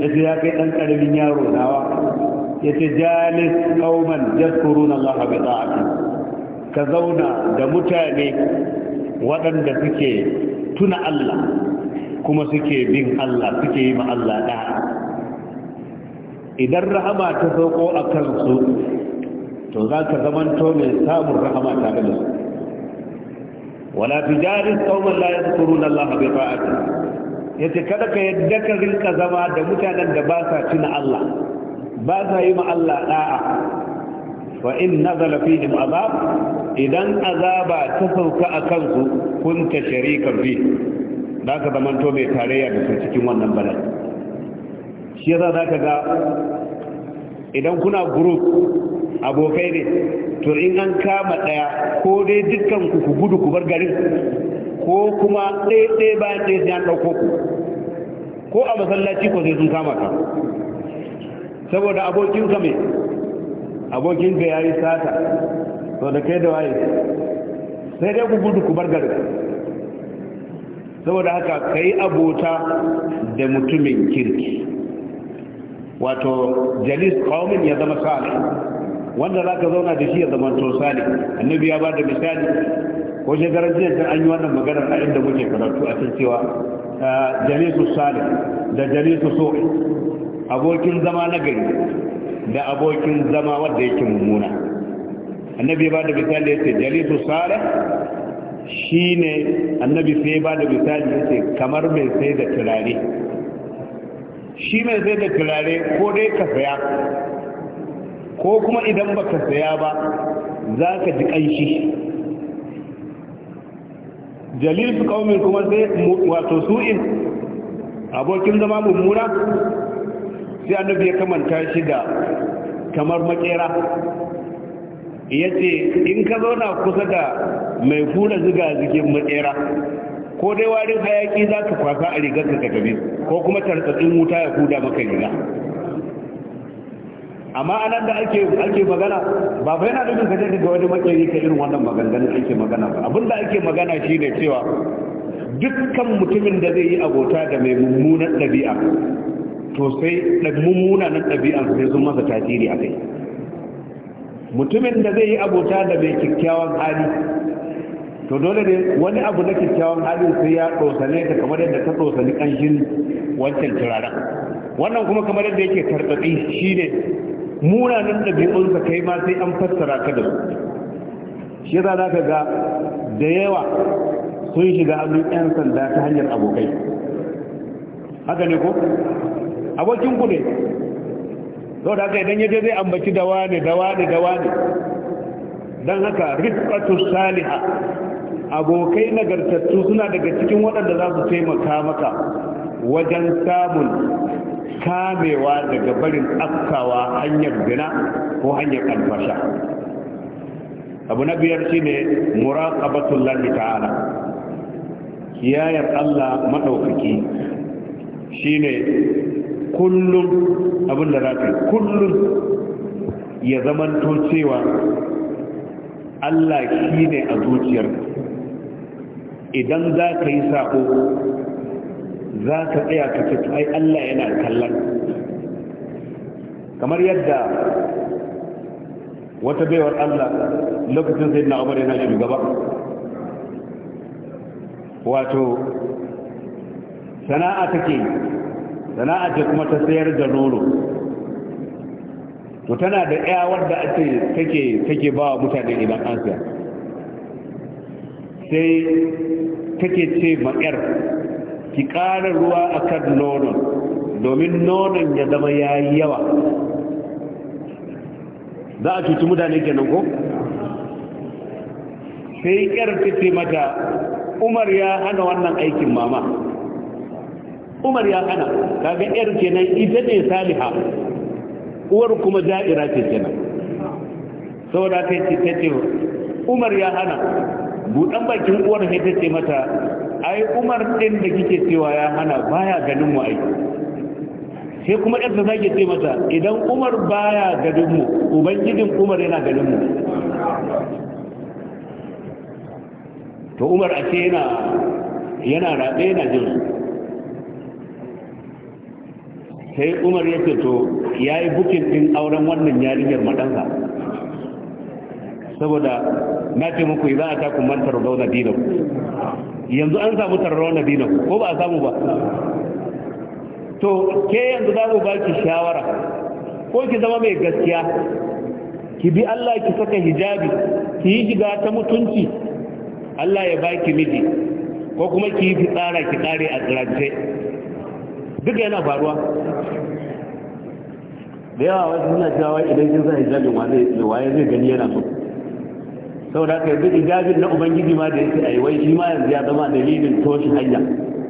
ya ce ya kai ɗan ƙaramin yaro nawa ya ce jalis kauman jaskurun Allah bi ta'ati ka zauna da mutane waɗanda suke tuna Allah kuma suke bin Allah suke yi ma Allah ɗaya idan rahama ta sauko a kansu to za ka zamanto mai samun rahama tare da su wala tijaris kauman la yaskurun Allah bi ta'ati ya ce kada ka yadda ka rinka zama da mutanen da ba sa tuna Allah ba sa yi ma Allah da'a wa in nazala fihim azab idan azaba ta sauka a kansu ta sharikan bi za ka to mai tarayya da su cikin wannan balai shi yasa za ka ga idan kuna group abokai ne to in an kama daya ko dai dukkan ku ku gudu ku bar garin ko kuma ɗaiɗai bayan ɗaiɗai sai an ɗauko ku ko a masallaci ko sai sun kama ka saboda abokinka mai abokinka ya yi sata to da kai da waye sai dai ku gudu ku bar gari saboda haka ka abota da mutumin kirki wato jalis kawmin ya zama sali wanda za ka zauna da shi ya zama to annabi ya ba da misali ko shekarar jiya sai an yi wannan maganar a inda muke karatu a can cewa ah, jalisu salih da jalisu so'i abokin zama na gari da abokin zama wanda yake mummuna annabi ba da misali ya ce jalisu salih shine annabi sai ba da misali ya ce kamar mai sai da turare shi mai sai da turare ko dai ka saya ko kuma idan baka saya ba za ka ji ƙanshi jalil su kaumin kuma sai wato su'in abokin zama mummuna sai annabi ya kamanta shi da kamar makera ya ce in ka zauna kusa da mai kura ziga zikin makera ko dai warin hayaki za ka kwasa a rigar ka gabe ko kuma tartsatsin wuta ya kuda maka riga amma anan da ake ake magana ba bai na nufin ka je ga wani makeri ka irin wannan maganganun ake magana ba abin da ake magana shine cewa dukkan mutumin da zai yi abota da mai mummunan ɗabi'a to sai mummunan ɗabi'a sai sun masa tasiri a kai mutumin da zai yi abota da mai kyakkyawan hali to dole ne wani abu na kyakkyawan hali sai ya tsosane ta kamar yadda ka tsosani ƙanshin wancan turaren wannan kuma kamar yadda yake tarbaɗi shine munanan ɗabi'unsa kai ma sai an fassara ka da shi za ka ga da yawa sun shiga hannun 'yan sanda ta hanyar abokai haka ne ko abokin ku ne sau da haka idan yaje zai ambaci dawa ne dawa ne dawa ne don haka rifatu saliha abokai nagartattu suna daga cikin waɗanda za su taimaka maka wajen samun kamewa daga barin afkawa hanyar gina ko hanyar alfasha abu na biyar shine muraqabatullahi ta'ala kiyayar Allah maɗaukaki shi ne kullum abin da za kullum ya zamanto cewa Allah shine a zuciyarka idan za ka yi sa'o za ka tsaya ka ce ai Allah yana kallon kamar yadda wata baiwar Allah lokacin sai na umar yana shugaba wato sana'a take sana'a ce kuma ta sayar da nono to tana da ƴa wanda ake take take ba wa mutane idan an sai take ce ma'yar ki ƙara ruwa a kan nonon domin nonon ya zama ya yi yawa za a cuci mutane kenan ko sai ƙyar ce mata umar ya hana wannan aikin mama umar ya hana kaga ƙyar kenan ita ne saliha uwar kuma ja'ira ce Sau da ta ce umar ya hana buɗan bakin uwar ta ce mata ai umar din da kike cewa ya hana baya ganin mu ai sai kuma ɗansa zage ce mata idan umar baya ganin mu ubangijin umar yana ganin mu to umar a yana yana raɗe yana jin sai umar ya ce to ya yi bukin ɗin auren wannan yarinyar maɗansa saboda na ce muku idan a mantar man tarrauna dinan yanzu an samu tarrauna dinan ko ba a samu ba to ke yanzu za mu ba ki shawara ko ki zama mai gaskiya ki bi Allah ki saka hijabi ki yi jiga ta mutunci Allah ya baki miji ko kuma ki yi fitsara ki kare a tsirance duk yana faruwa da yawa wasu suna cewa idan kin sa hijabin waye zai gani yana so saboda haka yanzu ijabin na ubangiji ma da yake ai wai shi ma yanzu ya zama dalilin toshe hanya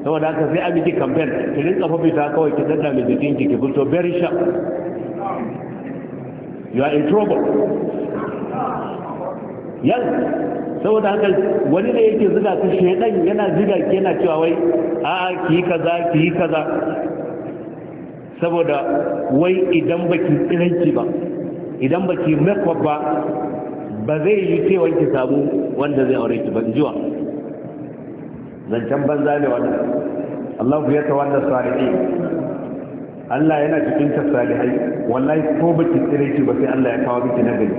saboda haka sai a miki kamfen ki rinka ta kawai ki dadda mai jikin ki ki fito very sharp you are in trouble yan saboda haka wani da yake zuga ta shedan yana zuga ki yana cewa wai a'a ki yi kaza ki yi kaza saboda wai idan baki tsiranci ba idan baki makwa ba ba zai yi cewan ki samu wanda zai aure ki ban jiwa zancen banza ne wannan Allah ya tawalla salihin Allah yana cikin ta salihai wallahi ko baki tsire ki ba sai Allah ya kawo miki na gari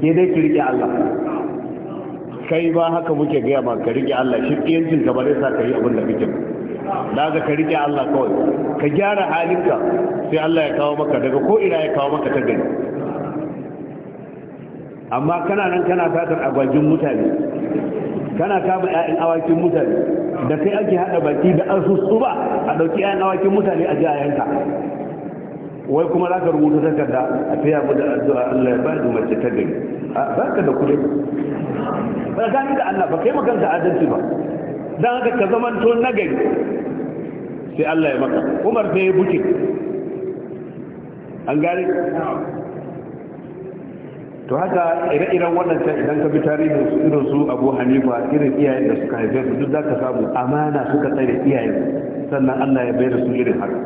ke dai ki rike Allah kai ba haka muke gaya ma ka rike Allah shi kiyancin ka ba zai sa ka yi abin da kake da ga ka rike Allah kawai ka gyara halinka sai Allah ya kawo maka daga ko ina ya kawo maka ta gani. amma kana nan kana fatar agwajin mutane kana kama 'ya'yan awakin mutane da kai ake haɗa baki da an sussu ba a ɗauki 'ya'yan awakin mutane a jayayenka wai kuma za ka rubuta takarda a taya mu da addu'a Allah ya bani mace ta gari ba ka da kuɗi ba ka da Allah ba kai da adalci ba dan haka ka zaman to na gari sai Allah ya maka Umar sai ya buke an gari to haka ire-iren waɗancan idan ka bi tarihin su irin su abu hanifa irin iyayen da suka haife su duk za ka samu amana suka tsare iyayen sannan allah ya bayar su irin haka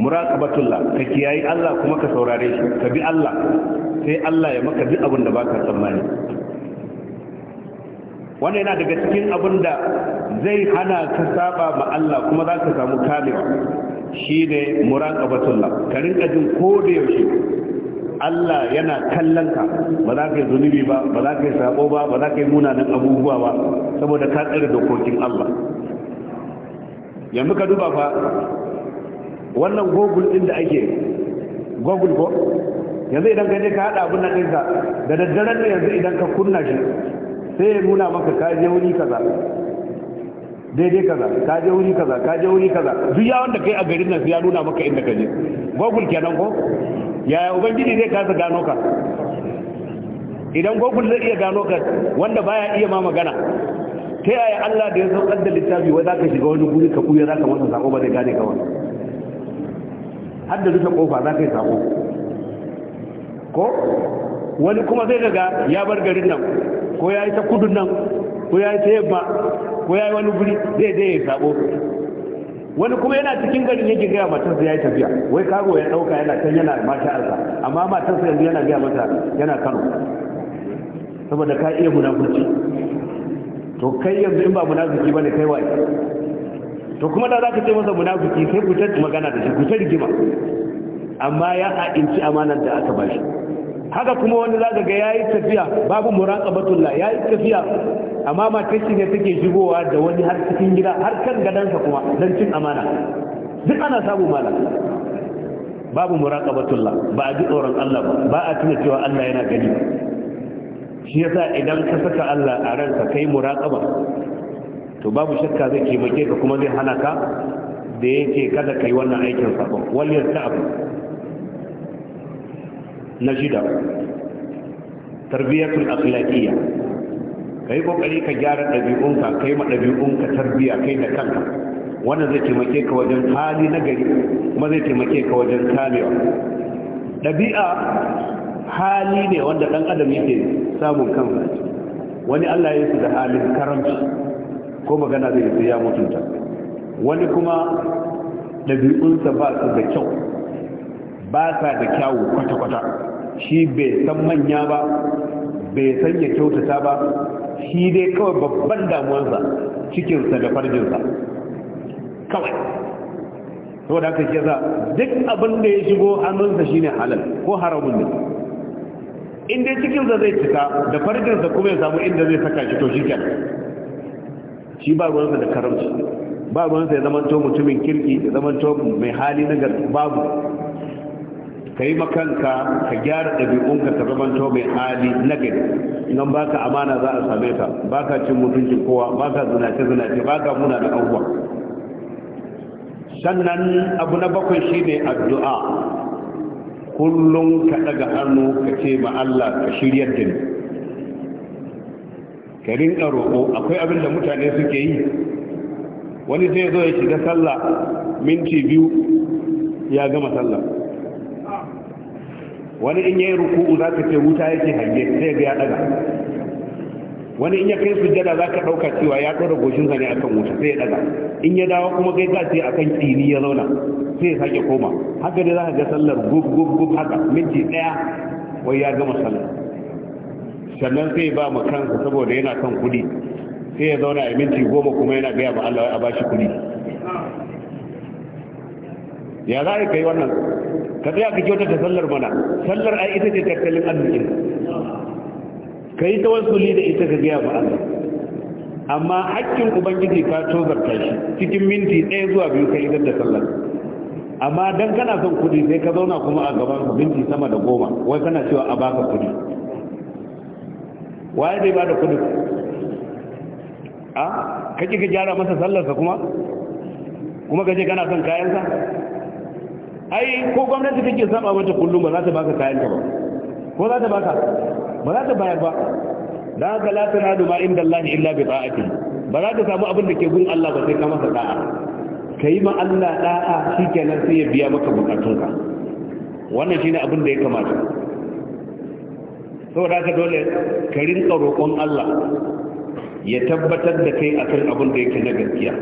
muraqabatullah ka kiyayi allah kuma ka saurare shi ka bi allah sai allah ya maka duk abin da baka tsammani wannan yana daga cikin abin da zai hana ka saba ma allah kuma za ka samu kamewa shine muraqabatullah ka rinka jin ko da yaushe Allah yana kallon ka ba za ka yi zunubi ba ba za ka yi sako ba ba za ka yi munanan abubuwa ba saboda ka tsare dokokin Allah yanzu ka duba fa wannan google din da ake google ko yanzu idan ka je ka hada abun nan ɗinka da daddaren ne yanzu idan ka kunna shi sai ya nuna maka ka je wuri kaza daidai kaza ka je wuri kaza ka je wuri kaza duk yawon da kai a garin nan ya nuna maka inda ka je google kenan ko yaya ubangiji zai kasa gano ka idan gogul zai iya gano ka wanda baya iya ma magana ta yaya Allah da ya saukar da littafi wai ka shiga wani guri ka kuya ka masa sako ba zai gane ka wani har da rufe kofa zaka yi sako ko wani kuma zai daga ya bar garin nan ko ya yi ta kudun nan ko ya yi ta yamma ko ya yi wani guri zai zai yi sako wani kuma yana cikin garin yake gaya matarsa ya yi tafiya wai kago ya ɗauka yana can yana mata alsa amma matarsa yanzu yana gaya mata yana kano saboda ka iya munafurci to kai yanzu in ba munafurci ba ne kai waye to kuma da za ka ce masa munafurci sai kutar magana da shi kutar ta rigima amma ya ha'inci amanar da aka bashi haka kuma wani za ga ya yi tafiya babu batulla ya yi tafiya amma matar shi ne take shigowa da wani har cikin gida har kan gadansa kuma don cin amana duk ana samu mala babu batulla ba a ji tsoron Allah ba ba a tuna cewa Allah yana gani shi yasa idan ka saka Allah a yi kai ba to babu shakka zai taimake ka kuma zai hana ka da yake kada ka yi wannan aikin sabon wal yasta'fu na shida tarbiyatul akhlaqiyya kai kokari ka gyara ɗabi'unka kai ma ɗabi'unka tarbiya kai da kanka wannan zai taimake ka wajen hali na gari kuma zai taimake ka wajen kamewa ɗabi'a hali ne wanda ɗan adam yake samun kansa wani Allah ya su da halin karamci ko magana zai yi ya mutunta wani kuma dabi'unsa ba su da kyau ba sa da kyawu kwata-kwata shi bai san manya ba bai san ya kyautata ba shi dai kawai babban damuwarsa cikinsa da farjinsa kawai sau da aka ce za duk abin da ya shigo hannunsa shi ne halal ko haramun ne inda cikinsa zai cika da farjinsa kuma ya samu inda zai saka shi to shi kyan shi ba ruwansa da karamci ba ruwansa ya zamanto mutumin kirki ya zamanto mai hali na babu ka yi makanka ka gyara ɗabi'unka ka zama to mai hali na gari nan baka amana za a same ka baka cin mutuncin kowa baka zinace zinace baka muna da abubuwa sannan abu na bakwai shi ne addu'a kullum ka ɗaga hannu ka ce ma Allah ka shiryar da ni ka rinka roƙo akwai abin da mutane suke yi wani zai zo ya shiga sallah minti biyu ya gama sallah wani in yayi ruku'u za ka ce wuta yake hange sai ga ya daga wani in ya kai sujjada za ka ɗauka cewa ya goshin sa ne akan wuta sai ya ɗaga in ya dawo kuma kai ka ce akan tsini ya zauna sai ya sake koma haka dai za ka ga sallar gub gub gub haka minti ɗaya wai ya gama sallar sannan sai ba mu kansa saboda yana kan kuɗi sai ya zauna a minti goma kuma yana gaya ma Allah a bashi kuɗi ya za ka yi wannan ka tsaya ka kyauta ta sallar mana sallar ai ita ce tattalin arzikin ka yi tawassuli da ita ka gaya ba Allah amma hakkin ubangiji ka tozarta shi cikin minti ɗaya zuwa biyu ka idan da sallar amma dan kana son kudi sai ka zauna kuma a gaban ka minti sama da goma wai kana cewa a baka kudi. waye zai bada kudi a ah, kake ka gyara masa sallarsa kuma kuma gaje kana son kayansa ai ko gwamnati take saba mata kullum ba za ta baka kayan ka ba ko za ta baka ba za ta bayar ba da ga la tanadu ma inda Allah illa bi ta'ati ba za ta samu abin da ke gun Allah ba sai ka masa da'a kai ma Allah da'a shikenan sai ya biya maka bukatunka wannan shine abin da ya kamata da ka dole ka rinka roƙon Allah ya tabbatar da kai akan abin da yake na gaskiya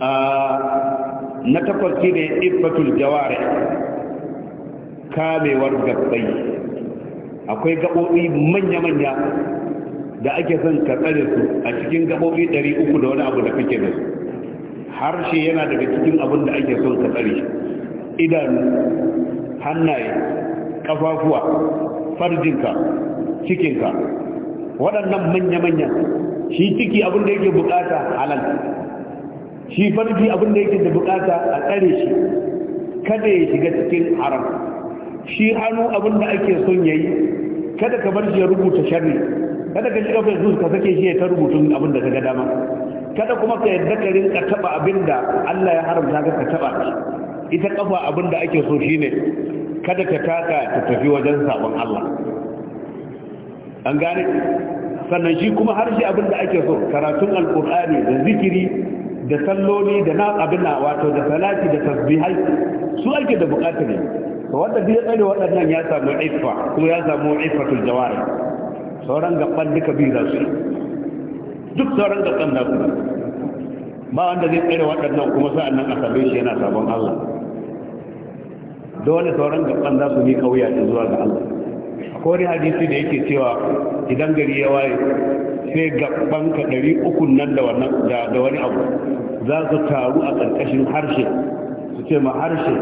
ah, na takwas shi ne ibbatul jawari kamewar gabbai akwai gaɓoɓi manya-manya da ake son ka tsare su a cikin gaɓoɓi ɗari uku da wani abu da kake da su harshe yana daga cikin abin da ake son ka tsare idan hannaye kafafuwa farjinka cikinka waɗannan manya-manyan shi ciki abin da yake bukata halal shi farji abin da yake da bukata a tsare shi kada ya shiga cikin haram shi hannu abin da ake son ya yi. kada ka bar shi ya rubuta sharri kada ka shiga facebook ka sake shi ya ta rubutun abin da ka ga dama kada kuma ka yadda ka rinka taba abin da Allah ya haramta ka ka taba ita kafa abin da ake so shine kada ka taka ta tafi wajen sabon Allah an gane sannan shi kuma harshe abin da ake so karatun alkur'ani da zikiri da salloli da na abin wato da salati da tasbihai su ake da bukatar yi to wanda biya tsare waɗannan ya samu ifa kuma ya samu ifatul jawari sauran gaban duka biyu za su duk sauran gaban na su ba wanda zai tsare waɗannan kuma sai nan a sabe shi yana sabon Allah dole sauran gaban za su yi kauya zuwa ga Allah akwai hadisi da yake cewa idan gari ya waye sai gabanka ɗari uku nan da wani abu za su taru a ƙarƙashin harshe su ce ma harshe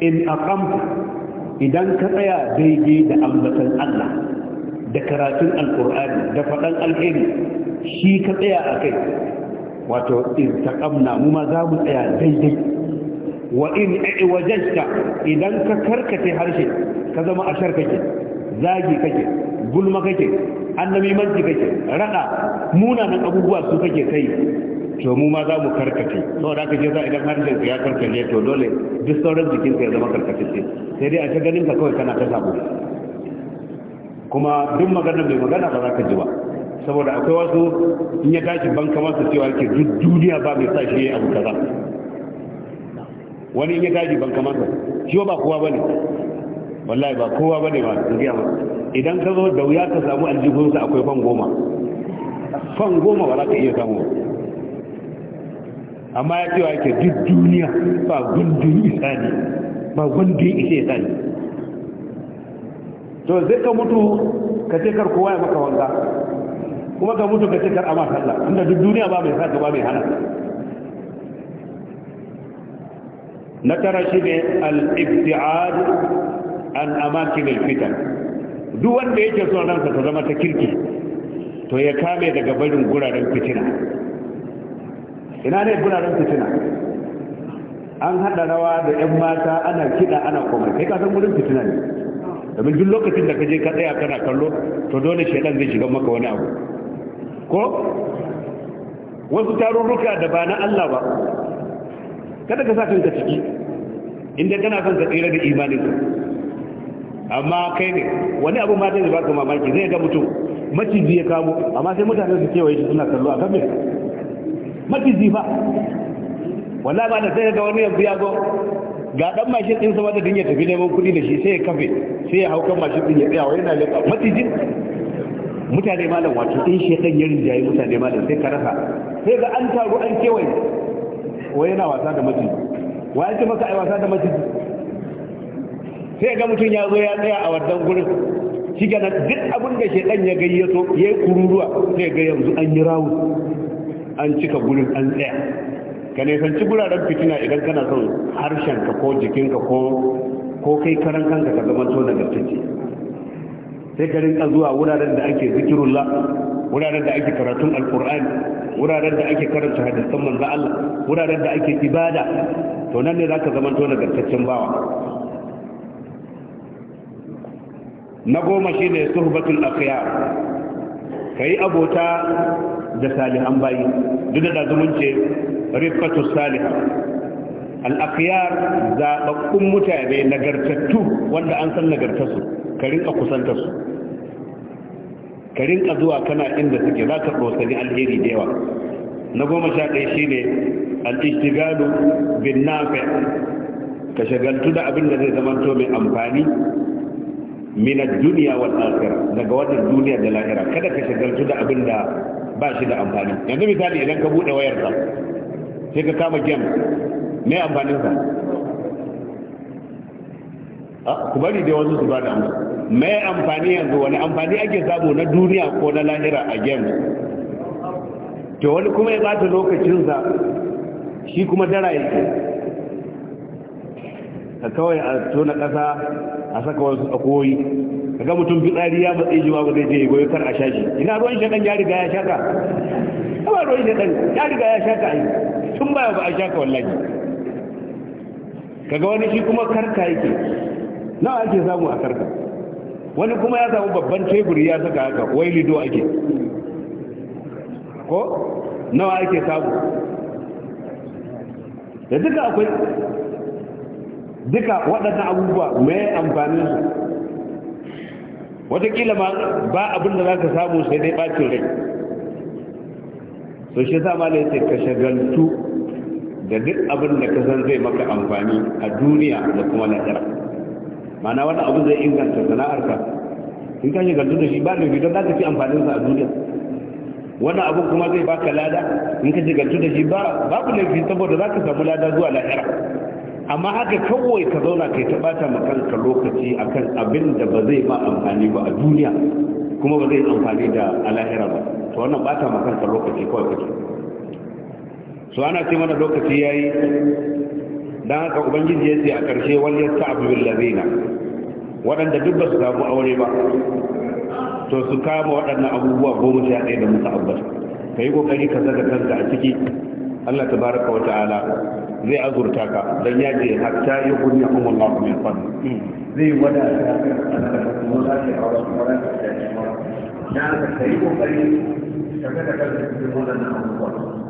in aqam idan ka tsaya daidai da ambatan Allah da karatun alkur'ani da faɗan alheri shi ka tsaya a kai wato in taqamna mu ma za mu tsaya daidai wa in wajajta idan ka karkace harshe ka zama a shar ke zagi kake gulma kake annabi manci kake rada munanan abubuwa su kake kai to mu ma za mu karkace saboda haka je za idan harshen ka ya karkace to dole duk sauran jikin ka zama karkace sai dai a ta ganin ka kawai kana ta sabo kuma duk magana mai magana ba za ka ji ba saboda akwai wasu in ya tashi banka masu cewa ke duk duniya ba mai sa shi abu kaza wani in ya gaji ban kamar ka shi ba kowa bane wallahi ba kowa bane ma in ga maka idan ka zo da wuya ka samu aljihun sa akwai fan goma fan goma ba za ka iya samu amma ya cewa yake duk duniya ba gundun isa ne ba gundun isa isa ne to zai ka mutu ka ce kar kowa ya maka wanka kuma ka mutu ka ce kar a ma sallah inda duk duniya ba mai sa ba mai hana na tara shi ne al-ibti'ad an amakin al duk wanda yake son ransa ta zama ta kirki to ya kame daga barin guraren fitina ina ne guraren fitina an haɗa rawa da 'yan mata ana kiɗa ana komai kai ka san gudun fitina ne domin duk lokacin da ka je ka tsaya kana kallo to dole shaidan zai shiga maka wani abu ko wasu tarurruka da ba na Allah ba kada ka sa kanka ciki inda kana son ka tsira da imanin ka amma kai ne wani abu ma zai baka mamaki zai ga mutum maciji ya kamo amma sai mutane su kewaye shi suna kallo a kan me maciji ba. wallahi ba da sai ga wani yanzu ya zo ga dan mashin din sama da dinya tafi neman kuɗi da shi sai ya kafe sai ya hau kan mashin din ya tsaya wa yana leƙa macijin mutane malam wato in shekan ya jayi mutane malam sai ka rasa sai ga an taru an kewaye wai yana wasa da maciji wa ya ce maka ai wasa da maciji sai ga mutum ya zo ya tsaya a wannan gurin shi gana duk abin da ke dan ya gayyato ya yi kururuwa sai ga yanzu an yi rawu an cika gurin an tsaya ka nisanci guraren fitina idan kana son harshenka ko jikinka ko kai karan kanka ka zama to nagartacce sai ka rinka zuwa wuraren da ake zikirullah wuraren da ake karatun alkur'ani wuraren da ake karanta hadisan manzo Allah wuraren da ake ibada to nan ne zaka zama to nagartaccen bawa na goma shine suhbatul akhyar kai abota da salihan bayi duk da ce, rifqatus salih al akhyar zababbun mutane nagartattu wanda an san nagartarsu ka rinka kusantar su ka rinka zuwa kana inda suke za ka tsosani alheri da yawa na goma sha ɗaya shi ne al'ishtigalu bin nafe ka shagaltu da abin da zai zama to mai amfani minar duniya wa tsakira daga wannan duniya da lahira kada ka shagaltu da abin da ba shi da amfani yanzu misali idan ka buɗe wayarka sai ka kama game mai amfaninsa Ah, ku bari dai wasu su ba da amsa mai amfani yanzu wani amfani ake samu na duniya ko na lahira a games to wani kuma ya bata lokacinsa shi kuma dara yake ka kawai a tona ƙasa a saka wasu tsakoyi ka ga mutum fitsari ya matsi jiwa ba zai je goyo kar a shashi ina ruwan shaɗan ya riga ya shaka kuma ruwan shaɗan ya riga ya shaka ai tun baya ba a shaka wallahi kaga wani shi kuma karka yake na ake samu a karka wani kuma ya samu babban teburi ya saka haka wai lido ake ko nawa ake samu da duka akwai duka waɗannan abubuwa mai amfanin su watakila ma ba abin da za ka samu sai dai ɓacin rai so shi sama ne sai ka shagaltu da duk abin da ka san zai maka amfani a duniya da kuma lahira mana wannan abu zai inganta sana'arka in ka shigar da shi ba da don za ka ci amfaninsa a duniya wannan abu kuma zai baka lada in ka shigar da shi ba babu laifi saboda za ka samu lada zuwa lahira amma haka kawai ka zauna kai ta bata ma kanka lokaci akan abin da ba zai ba amfani ba a duniya kuma ba zai amfani da a lahira ba to wannan bata ma kanka lokaci kawai kake so ana ce mana lokaci yayi da haka ubangiji ya ce a ƙarshe wal yasta'fu bil ladina waɗanda duk ba su samu aure ba to su kama waɗannan abubuwa goma sha ɗaya da musu ambata ka kokari ƙoƙari ka saka kanka a ciki Allah ta wa ta'ala zai azurta ka don ya ce hatta yi Allah min fadl zai wada ta kuma za da ka yi ƙoƙari ka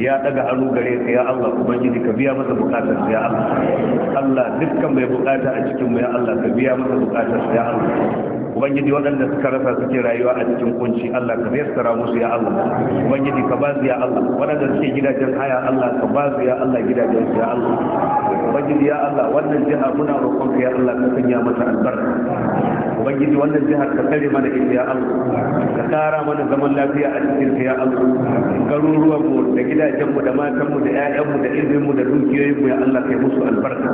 ya daga hannu gare ka ya Allah ji ka biya masa bukatar ya Allah Allah dukkan mai bukata a cikin mu ya Allah ka biya masa bukatar ya Allah ubangiji waɗanda suka rasa suke rayuwa a cikin kunci Allah ka yassara musu ya Allah ubangiji ka ba su ya Allah waɗanda suke gidajen haya Allah ka ba su ya Allah gidajen su ya Allah ubangiji ya Allah wannan jiha muna roƙon ya Allah ka sanya masa albarka ubangiji wannan jihar ka tsare mana ita ya Allah ka tsara mana zaman lafiya a cikin ya Allah garuruwan mu da gidajen mu da matan mu da ƴaƴan mu da ilimin mu da dukiyoyin mu ya Allah kai musu albarka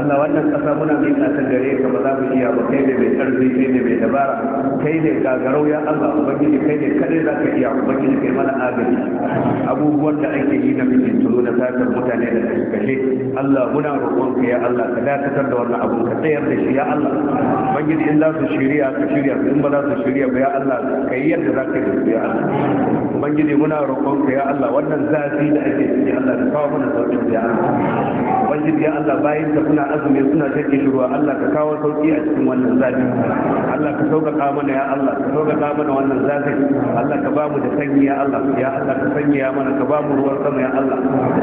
Allah wannan kasa muna mai ta gare ka ba za mu iya ba kai ne mai karfi kai ne mai dabara kai ne gagarau ya Allah ubangiji kai ne kadai za ka iya ubangiji kai mana agaji abubuwan da ake yi na bikin tuno da satar mutane da kashe Allah muna roƙon ka ya Allah ka dakatar da wannan abu ka tsayar da shi ya Allah ubangiji in za su shirya ka shirya in ba za su shirya ba ya Allah ka yi yadda za ka yi ya Allah ubangiji muna roƙon ka ya Allah wannan zafi da ake ciki Allah ka kawo mana sauƙin ya Allah ubangiji ya Allah bayan ka kuna azumi suna take ruwa Allah ka kawo sauƙi a cikin wannan zafi Allah ka sauƙaƙa mana ya Allah ka sauƙaƙa mana wannan zafi Allah ka ba mu da sanyi ya Allah ya Allah ka sanya mana ka ba mu ruwan sama ya Allah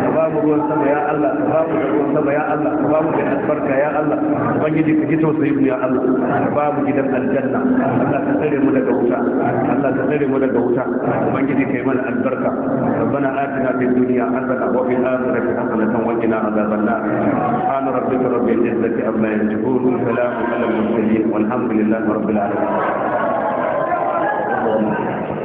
ka ba mu ruwan sama ya Allah ka ba mu ruwan sama ya Allah ka ba mu da albarka ya Allah ubangiji ka ji tausayin ya Allah babu gidan aljanna Allah ka tsare mu daga wuta Allah ka tsare mu daga wuta ubangiji kai mana albarka rabbana atina fid dunya hasana wa fil akhirati hasanatan wa qina adhaban nar subhana rabbika rabbil izzati amma yasifun salamun alal mursalin walhamdulillahi rabbil alamin